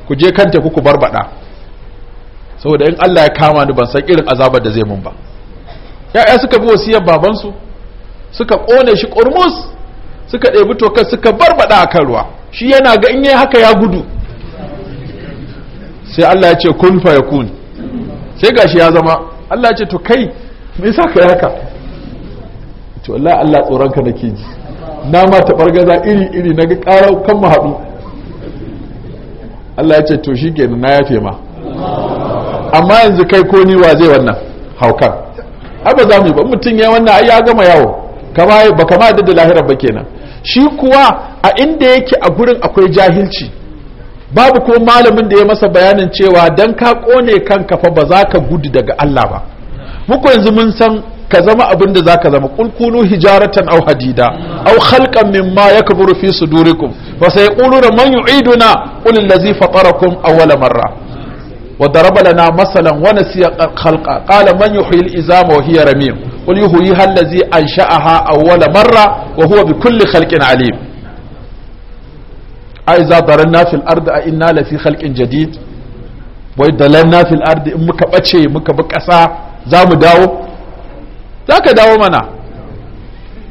Speaker 1: ku je kan ku, ku baɗa. saboda in Allah ya kama ni ban san irin azabar da zai mun ba ya'ya suka bi wasiyar babansu suka ƙone shi ƙurmus suka ɗebi tokar suka barbaɗa a kan ruwa shi yana ga in yi haka ya gudu sai Allah ya ce kun fa yakun sai gashi ya zama Allah ya ce to kai me yasa kai haka to wallahi Allah tsoron ka nake ji na ma gaza iri-iri na ga kan mu Allah ya ce to shi ke na yafe ma amma yanzu kai ko ni wa zai wannan haukan abu za mu yi ba mutum ya wannan ai ya gama yawo kama ba kama da da lahirar ba kenan shi kuwa a inda yake a gurin akwai jahilci babu ko malamin da ya masa bayanin cewa dan ka kone kanka fa ba za ka gudu daga Allah ba muku yanzu mun san ka zama abin da zaka zama kulkunu hijaratan aw hadida aw khalqan mimma yakburu fi sudurikum fa sayquluna man yu'iduna qul allazi fatarakum awwala marra وضرب لنا مثلا ونسي خلقا قال من يحيي الإزام وهي رميم قل يحييها الذي أنشأها أول مرة وهو بكل خلق عليم أئذا ضرنا في الأرض أئنا لفي خلق جديد وإذا في الأرض إن مكبتشي مكبكسا za mu dawo za ka dawo mana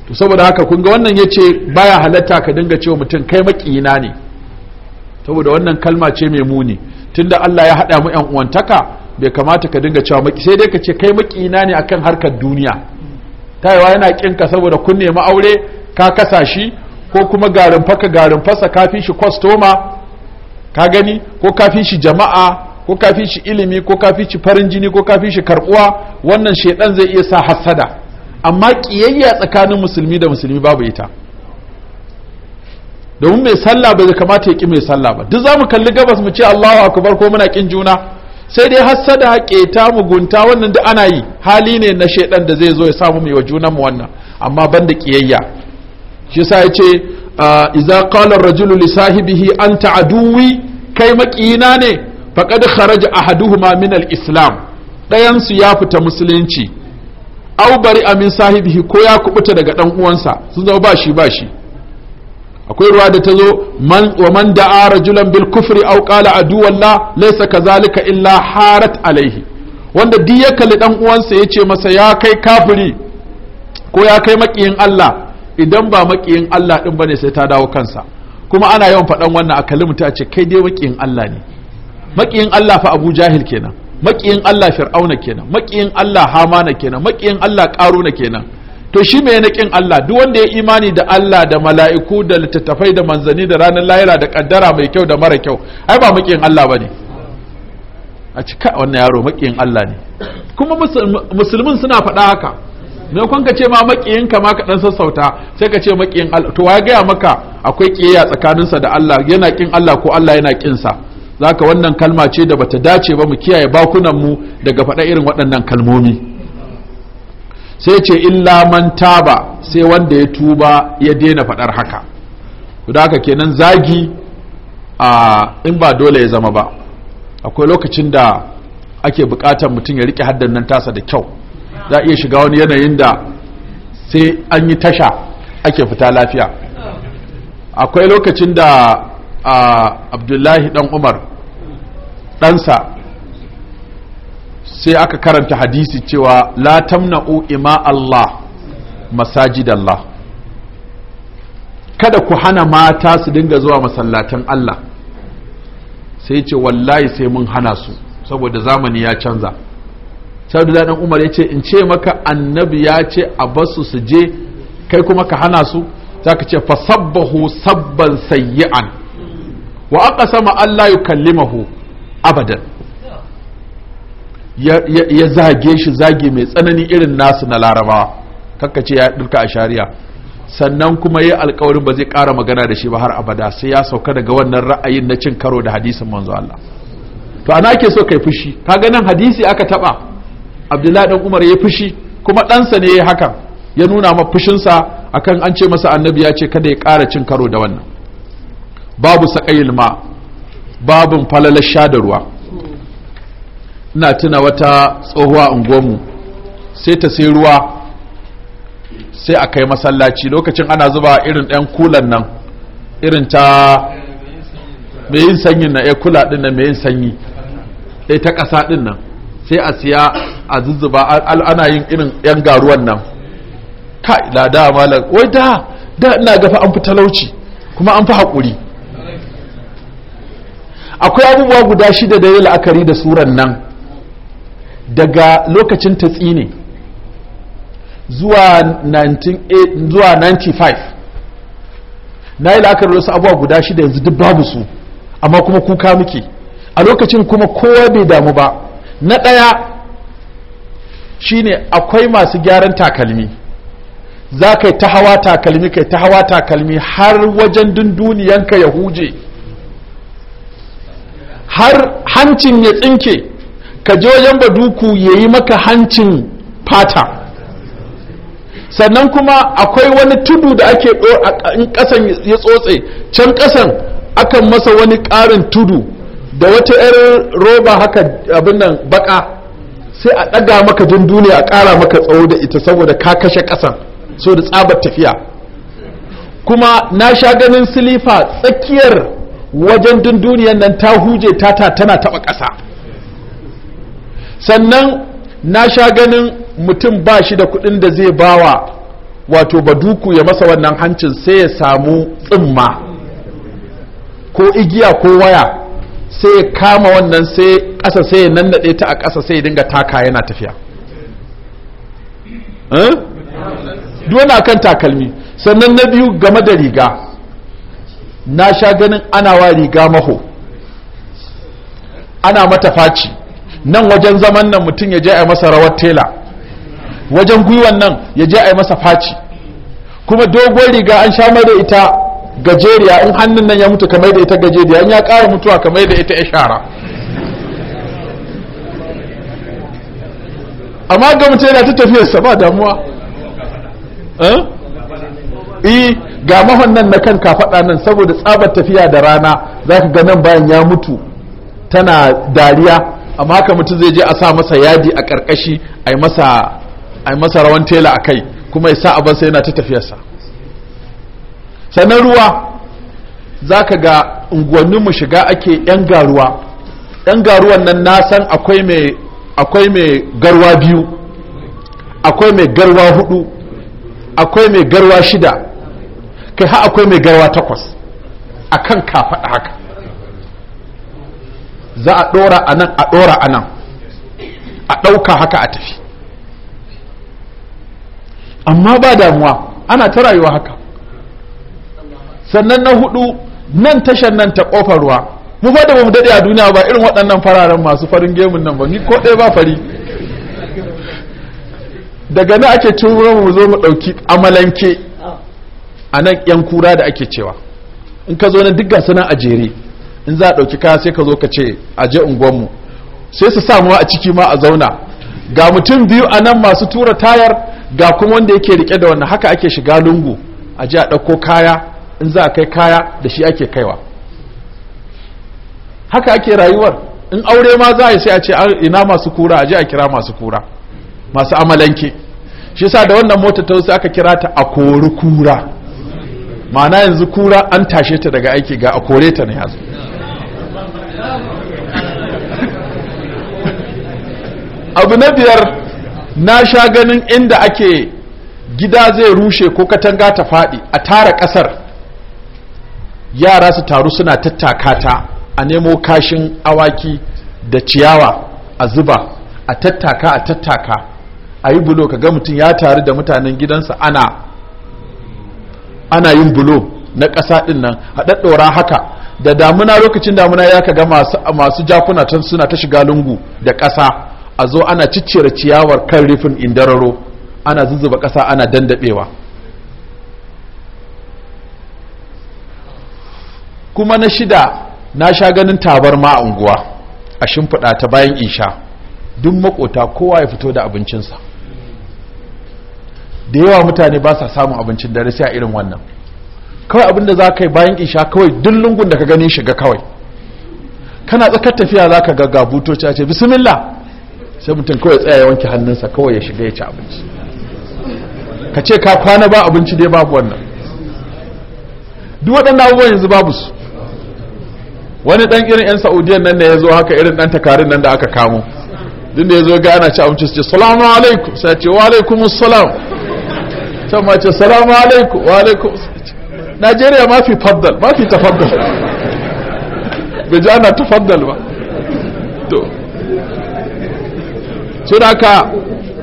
Speaker 1: to saboda haka kun ga wannan ya ce baya halatta ka dinga cewa mutum kai makiyina ne saboda wannan kalma ce mai muni tunda Allah ya haɗa mu 'yan uwantaka bai kamata ka dinga cewa maki sai dai ka ce kai makiyina ne akan harkar duniya tayewa yana ƙinka saboda kun nemi aure ka kasa shi ko kuma garin faka garin fasa ka shi kwastoma ka gani ko ka fi shi jama'a ko ka fi shi ilimi ko ka fi shi farin jini ko ka fi shi karbuwa wannan shaidan zai iya sa hassada amma kiyayya tsakanin musulmi da musulmi babu ita domin mai sallah bai kamata ya ki mai sallah ba duk zamu kalli gabas mu ce Allahu akbar ko muna kin juna sai dai hassada haƙeta mugunta wannan da ana yi hali ne na shaidan da zai zo ya samu mai wa junan mu wannan amma banda kiyayya shi yasa yace ah, idza qala ar-rajulu li sahibihi anta aduwi kai makina ne faqad kharaja a min al-islam ɗayan su ya fita musulunci aw bari amin sahibihi ko ya kubuta daga ɗan uwansa sun zama ba shi ba shi akwai ruwa da ta zo wa man da'a rajulan bil kufri aw qala wallah laysa kazalika illa harat alaihi wanda duk ya kalli ɗan uwansa ya ce masa ya kai kafiri ko ya kai maƙiyin Allah idan ba maƙiyin Allah ba ne sai ta dawo kansa kuma ana yawan faɗan wannan a kalli mutum a ce kai dai maƙiyin Allah ne makiyin Allah fa Abu Jahil kenan makiyin Allah Fir'auna kenan makiyin Allah Hamana kenan makiyin Allah Karuna kenan to shi me nakin Allah duk wanda ya imani da Allah da mala'iku da littattafai da manzani da ranar lahira da kaddara mai kyau da mara kyau ai ba makiyin Allah bane a cika wannan yaro makiyin Allah ne kuma musulmin suna faɗa haka me kun ka ce ma makiyin ka ma ka dan sassauta sai ka ce makiyin Allah to wa ga maka akwai kiyaya tsakaninsa da Allah yana kin Allah ko Allah yana kin sa zaka wannan kalma ce da bata dace ba mu kiyaye mu daga faɗa irin waɗannan kalmomi sai ce illa man taba sai wanda ya tuba ya daina faɗar haka da haka kenan zagi a in ba dole ya zama ba akwai lokacin da ake buƙatar mutum ya riƙe haddan nan tasa da kyau za a iya shiga wani yanayin da sai an yi tasha ake fita lafiya akwai lokacin da A abdullahi dan umar ɗansa sai aka karanta hadisi cewa la tamna'u ima Allah masajid Allah kada ku hana mata su dinga zuwa masallatan Allah sai ce wallahi sai mun hana su saboda zamani ya canza saboda dan umar ya ce in ce maka annabi ya ce a basu su je kai kuma ka hana su za ka ce fasabbahu sabban sayyi'an wa aka sama Allah ya kallimahu abadan ya zage shi zage mai tsanani irin nasu na larabawa kakka ce ya ɗirka a shari'a sannan kuma ya alkawarin ba zai kara magana da shi ba har abada sai ya sauka daga wannan ra'ayin na cin karo da hadisin manzo Allah to ana ke so kai fushi ka ganin hadisi aka taba Abdullahi dan Umar ya fushi kuma ɗansa ne ya hakan ya nuna ma fushinsa akan an ce masa annabi ya ce kada ya kara cin karo da wannan babu sakayil ma babin falalar sha da ruwa ina tuna wata tsohuwa unguwarmu sai ta sai ruwa sai a kai masallaci lokacin ana zuba irin ɗan kulan nan irin ta mai yin sanyi na ya eh, kula ɗin nan mai yin sanyi ɗai eh, ta ƙasa ɗin nan sai a siya a zuzzuba ana yin irin yan garuwan nan ka ila da malam wai da da ina gafa an fi talauci kuma an fi haƙuri akwai abubuwa guda shida da yi la'akari da suran nan daga lokacin ta tsine zuwa 95 na yi la'akari wasu abubuwa guda shida yanzu duk babu su amma kuma kuka muke a lokacin kuma kowa bai damu ba na ɗaya shine akwai masu gyaran takalmi za ka yi ta hawa takalmi ka yi ta hawa takalmi har wajen dunduniyanka ya huje har hancin ya tsinke ka je wajen baduku ya yi maka hancin fata sannan kuma akwai wani tudu da ake in ƙasan ya tsotse can ƙasan akan masa wani ƙarin tudu da wata 'yar roba haka abin nan baka sai a ɗaga maka duniya a ƙara maka tsawo da ita saboda ka kashe ƙasan so da tsabar tafiya kuma na sha ganin silifa tsakiyar wajen dunduniyar nan ta huje ta tana taɓa ƙasa sannan na sha ganin mutum ba shi da kuɗin da zai bawa wato baduku ya masa wannan hancin sai ya samu tsimma ko igiya ko waya sai ya kama wannan sai ƙasa sai ya nannaɗe ta a ƙasa sai ya dinga taka yana tafiya eh? duwana kan takalmi sannan na biyu game da riga na sha ganin ana wa riga maho ana mata faci nan wajen zaman nan mutum ya je a masa rawar tela wajen gwiwan nan ya je a masa faci kuma dogon riga an sha da ita gajeriya in hannun nan ya mutu kamar da ita gajeriya in ya ƙara mutuwa kamar da ita ya shara amma ga mutum yana ta tafiyarsa ba damuwa eh, eh? ga mahon nan na kan kafaɗa nan saboda tsabar tafiya da rana za ka ga nan bayan ya mutu tana dariya amma haka mutum zai je a sa masa yadi a ƙarƙashi a yi masa rawan tela a kai kuma ya sa abansa yana ta tafiyarsa sannan ruwa za ka ga unguwanninmu shiga ake 'yan garuwa 'yan garuwan nan na san akwai mai garwa biyu akwai mai garwa hudu akwai mai garwa shida kai ha akwai mai garwa takwas a kan kafaɗa haka za a ɗora a nan a ɗora a nan a ɗauka haka a tafi amma ba damuwa ana ta rayuwa haka sannan na hudu nan tashar nan ta ƙofar ruwa mu ba ba mu daɗe a duniya ba irin waɗannan fararen masu farin gemun nan ba ni ko ɗaya ba fari daga na ake cin mu zo mu ɗauki amalanke a nan yan kura da ake cewa in ka zo na duk gasa nan a jere in za a ɗauki kaya sai ka zo ka ce a je unguwanmu sai su samuwa a ciki ma a zauna ga mutum biyu a nan masu tura tayar ga kuma wanda yake rike da wannan haka ake shiga lungu a je a ɗauko kaya in za a kai kaya da shi ake kaiwa haka ake rayuwar in aure ma za a yi sai a ce ina masu kura a je a kira masu kura masu amalanke shi sa da wannan mota ta wasu aka kira ta a kori kura ma'ana yanzu kura an tashe ta daga aiki ga a kore ta na yanzu abu na biyar na sha ganin inda ake gida zai rushe ko katanga ta faɗi a tara ƙasar yara su taru suna tattaka ta a nemo kashin awaki da ciyawa a zuba a tattaka a tattaka a yi bulo ka ga mutum ya taru da mutanen gidansa ana ana yin bulo na ƙasa ɗin nan ɗora haka da damuna lokacin damuna ya ka ga masu jakuna can suna ta shiga lungu da ƙasa a zo ana ciccire ciyawar kan rufin indararo ana zuzzuba ƙasa ana dandaɓewa kuma na shida na sha ganin tabarma a unguwa a shimfiɗa ta bayan isha duk makota kowa ya fito da abincinsa da yawa mutane ba sa samun abincin dare sai a irin wannan kawai abin da za ka yi bayan isha kawai duk lungun da ka gani shiga kawai kana tsakar tafiya za ka ga butoci a ce bismillah sai mutum kawai tsaya ya wanke hannunsa kawai ya shiga ya ci abinci ka ce ka kwana ba abinci dai babu wannan duk waɗannan abubuwan yanzu babu su wani ɗan irin 'yan saudiyan nan da ya zo haka irin ɗan takarin nan da aka kamo duk da ya zo ga ana ci abinci su ce salamu alaikum sai ce wa alaikum salam can ma ce salamu alaikum wa alaikum najeriya ma fi faddal ma fi tafaddal bai ji ana tafaddal ba to so ka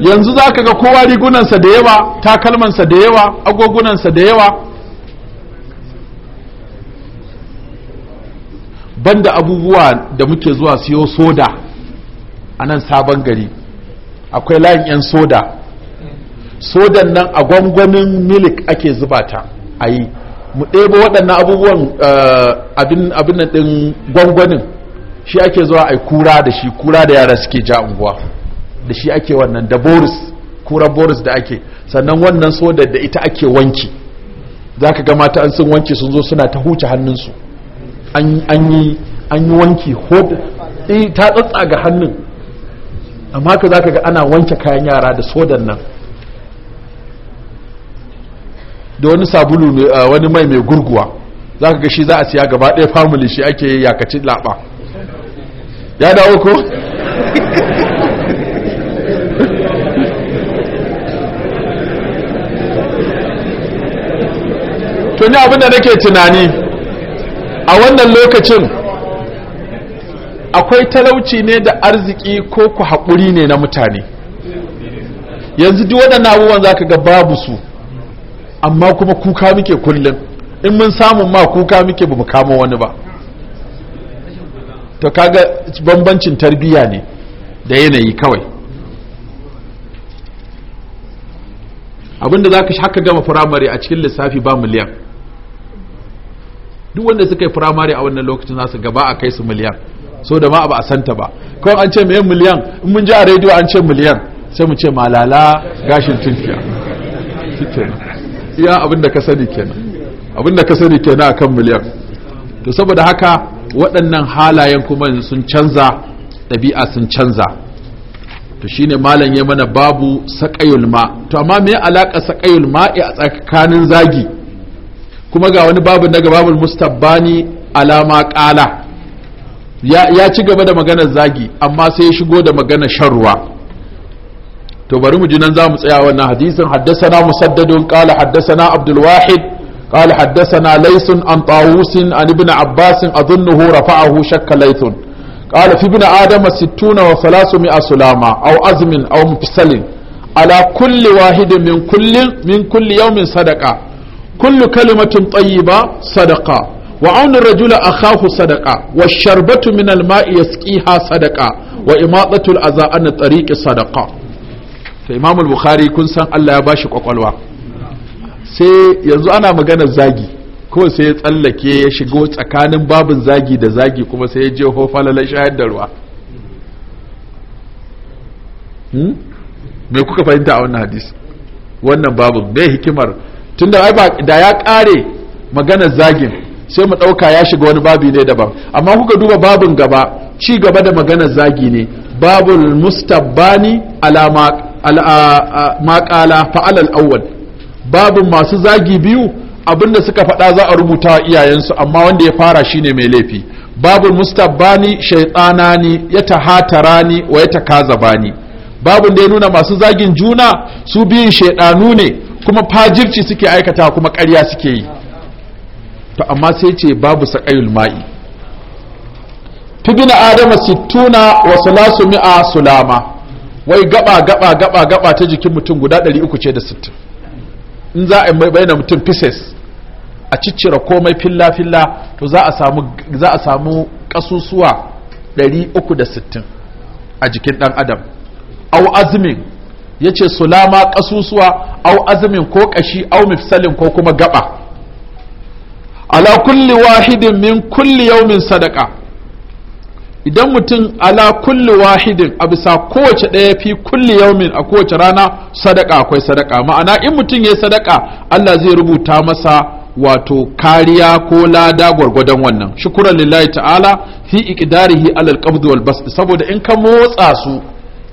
Speaker 1: yanzu za ka ga kowa rigunansa da yawa takalmansa da yawa agogunansa da yawa banda abubuwa da muke zuwa siyo soda a nan sabon gari akwai layin 'yan soda sojan nan a gwangwamin milik ake zuba ta a yi mu ɗebo waɗannan abubuwan eh, abin ɗin gwangwanin shi ake zuwa a yi kura da shi kura da yara suke ja unguwa da shi ake wannan da boris kura boris da ake sannan wannan sodar da ita ake wanki za ka gama ta an sun wanki sun zo suna ta huce hannunsu an yi wanki eh, ta tsatsa ga hannun amma ka za ka ga ana wanke kayan yara da sodan nan da wani sabulu wani mai mai gurguwa za ka gashi za a siya gaba ɗaya family shi ake yakacin laɓa ya dawo ko? tuni abinda nake tunani a wannan lokacin akwai talauci ne da arziki ko ku haƙuri ne na mutane yanzu duk waɗannan abubuwan za ka ga babu su amma kuma kuka muke kullum in mun samun ma kuka muke ba mu wani ba to kaga bambancin tarbiyya ne da yanayi kawai abinda za ka haka gama firamare a cikin lissafi ba miliyan duk wanda suka yi firamare a wannan lokacin za su gaba a kai su miliyan so da ma ba a santa ba kawai an ce mai miliyan in mun ji a rediyo an ce miliyan sai mu ce malala gashin tunfiya. iya abinda ka sani kenan abinda ka sani kenan akan miliyan to saboda haka waɗannan halayen kuma sun canza ɗabi'a sun canza to shine malam ya mana babu saqayul ma to amma me alaƙa saqayul ma a tsakanin zagi kuma ga wani babu na babul mustabbani alama ƙala ya ci gaba da maganar zagi amma sai ya shigo da maganar shan ruwa to bari mu ji nan zamu tsaya wannan hadisin haddathana musaddadun qala haddathana abdul wahid qala haddathana laysun an tawus an ibn abbas adhunnuhu rafa'ahu shakka laysun qala fi ibn adam 60 wa 300 sulama aw azmin aw mufsalin ala kulli wahidin min kulli min kulli yawmin sadaqa kullu kalimatin tayyiba sadaqa وعون الرجل أخاه صدقة والشربة من الماء يسقيها صدقة وإماطة الأذى عن الطريق صدقة sai Imamul bukhari kun san Allah ya bashi kwakwalwa sai yanzu ana maganar zagi ko sai ya tsallake ya shigo tsakanin babin zagi da zagi kuma sai ya je hofalala shayar da ruwa hmm? me kuka fahimta a wannan hadisi wannan babu? bai hikimar Tun da da ya kare maganar zagin sai mu ɗauka ya shiga wani babi ne daban amma kuka duba babin gaba ci gaba da maganar zagi ne babul mustabbani alama maƙala fa'alal awwal babu masu zagi biyu abinda suka faɗa za a rubuta wa iyayensu amma wanda ya fara shine mai laifi babu mustabbani shaitanani ya ni wa ya ni babu da ya nuna masu zagin juna su biyun shaidanu ne kuma fajirci suke aikata kuma karya suke yi to amma sai ce babu saƙayul ma'i fi bin adama sittuna wa salasu mi'a sulama wai gaba gaba gaba gaba ta jikin mutum guda 300 ce da 60 in za a bayyana mutum pieces a ciccire komai filla filla to za a samu za a samu kasusuwa 360 a jikin dan adam au azmin yace sulama kasusuwa au azmin ko kashi au mifsalin ko kuma gaba ala kulli wahidin min kulli yawmin sadaqa idan mutum ala kulli wahidin a bisa kowace ɗaya fi kulli yaumin a kowace rana sadaka akwai sadaka ma'ana in mutum ya sadaka Allah zai rubuta masa wato kariya ko lada gwargwadon wannan shukuran lillahi ta'ala fi iqdarihi alal qabd wal bas saboda in ka motsa su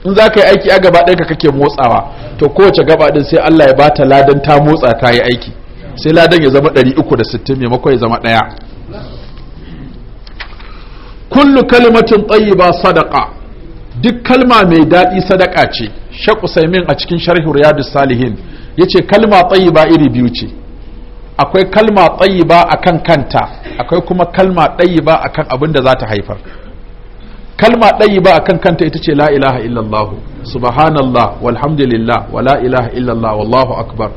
Speaker 1: in za ka yi aiki a gaba ɗaya ka kake motsawa to kowace gaba ɗin sai Allah ya bata ladan ta motsa ta yi aiki sai ladan ya zama ɗari uku da 360 maimakon ya zama ɗaya kullu kalimatin tayyiba sadaka duk kalma mai daɗi sadaka ce shaq usaimin a cikin sharhi riyadu salihin yace kalma tayyiba iri biyu ce akwai kalma a kan kanta akwai kuma kalma a kan abin da za ta haifar kalma ɗayi a kan kanta ita ce la ilaha illallah subhanallah walhamdulillah wa la ilaha illallah wallahu akbar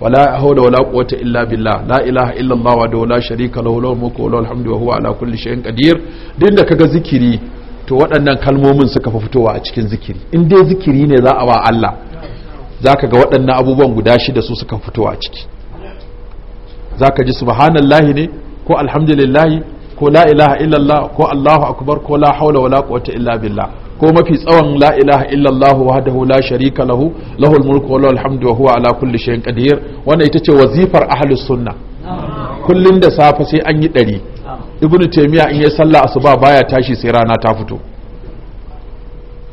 Speaker 1: ولا حول ولا قوة إلا بالله لا إله إلا الله وحده لا شريك له له الملك وله الحمد وهو على كل شيء قدير دين da kaga zikiri to waɗannan kalmomin suka fi fitowa a cikin zikiri in dai zikiri ne za a ba Allah zaka ga waɗannan abubuwan guda shida su suka fitowa a ciki zaka ji subhanallahi ne ko alhamdulillahi ko la ilaha illallah ko allahu akbar ko la haula wala quwwata illa billah ko mafi tsawon la ilaha illallah wahdahu la sharika lahu lahul mulku wa lahul hamdu wa huwa ala kulli shay'in qadir wannan ita ce wazifar ahlus sunna kullun da safe sai an yi dari ibnu taymiya in ya sallah asuba baya tashi sai rana ta fito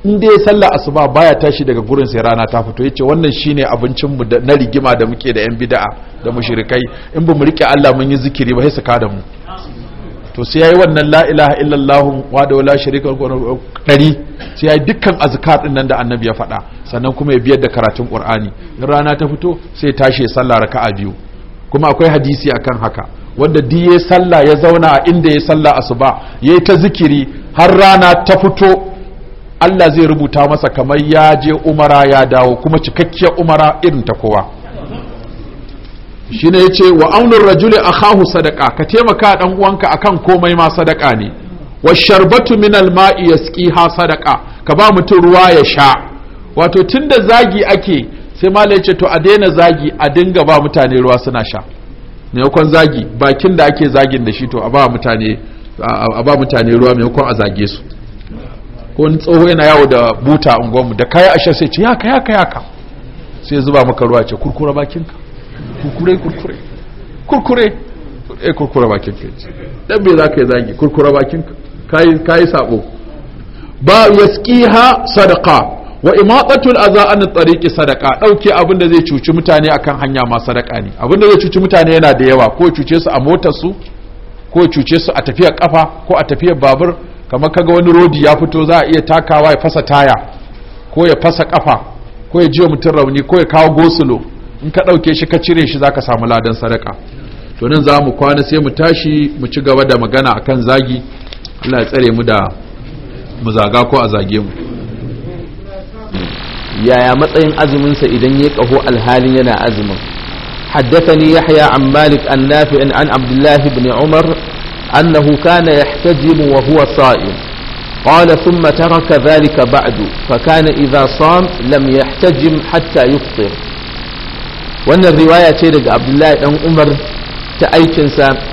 Speaker 1: in dai sallah asuba baya tashi daga gurin sai rana ta fito yace wannan shine abincin mu na rigima da muke da yan bid'a da mushrikai in ba mu rike Allah mun yi zikiri ba sai su kada mu to sai yayi wannan la ilaha illallah wa la sharika dari sai yayi dukkan azkar din nan da annabi ya faɗa sannan kuma ya biyar da karatun qur'ani in rana ta fito sai tashi sallah raka'a biyu kuma akwai hadisi akan haka wanda duk yayi sallah ya zauna a inda ya sallah asuba yayi ta zikiri har rana ta fito Allah zai rubuta masa kamar ya je umara ya dawo kuma cikakkiyar umara irin ta kowa shine yace wa aunur rajuli akhahu sadaqa ka taimaka dan uwanka akan komai ma sadaka ne wa sharbatu min alma'i yasqiha sadaqa ka ba mutum ruwa ya sha wato tunda zagi ake sai malai yace to a daina zagi a dinga ba mutane ruwa suna sha maimakon zagi bakin da ake zagin da shi to a ba mutane a ba mutane ruwa maimakon a zage su ko wani tsoho yana yawo da buta unguwanmu da kaya ashe sai ce yaka yaka yaka sai zuba maka ruwa ce kurkura bakinka kurkure kurkure kurkure eh kurkura bakin ka dan me zaka yi zagi kurkura bakin ka kai kai sabo ba yaskiha sadaqa wa imatatul aza an tariqi sadaqa dauke abin da zai cuci mutane akan hanya ma sadaka ne abin da zai cuci mutane yana da yawa ko cuce su a motar su ko cuce su a tafiyar kafa ko a tafiyar babur kamar kaga wani rodi ya fito za a iya takawa ya fasa taya ko ya fasa kafa ko ya jiwa mutum rauni ko ya kawo gosulo in ka ɗauke shi ka cire shi zaka samu ladan sadaka to nan za mu kwana sai mu tashi mu ci gaba da magana akan zagi Allah ya tsare mu da mu zaga ko a zage mu yaya matsayin azuminsa idan ya kaho alhalin yana azumin حدثني يحيى عن مالك النافع عن عبد الله بن عمر أنه كان يحتجم وهو صائم قال ثم ترك ذلك بعد فكان إذا صام لم يحتجم حتى يفطر wannan riwaya ce daga abdullahi dan umar ta aikinsa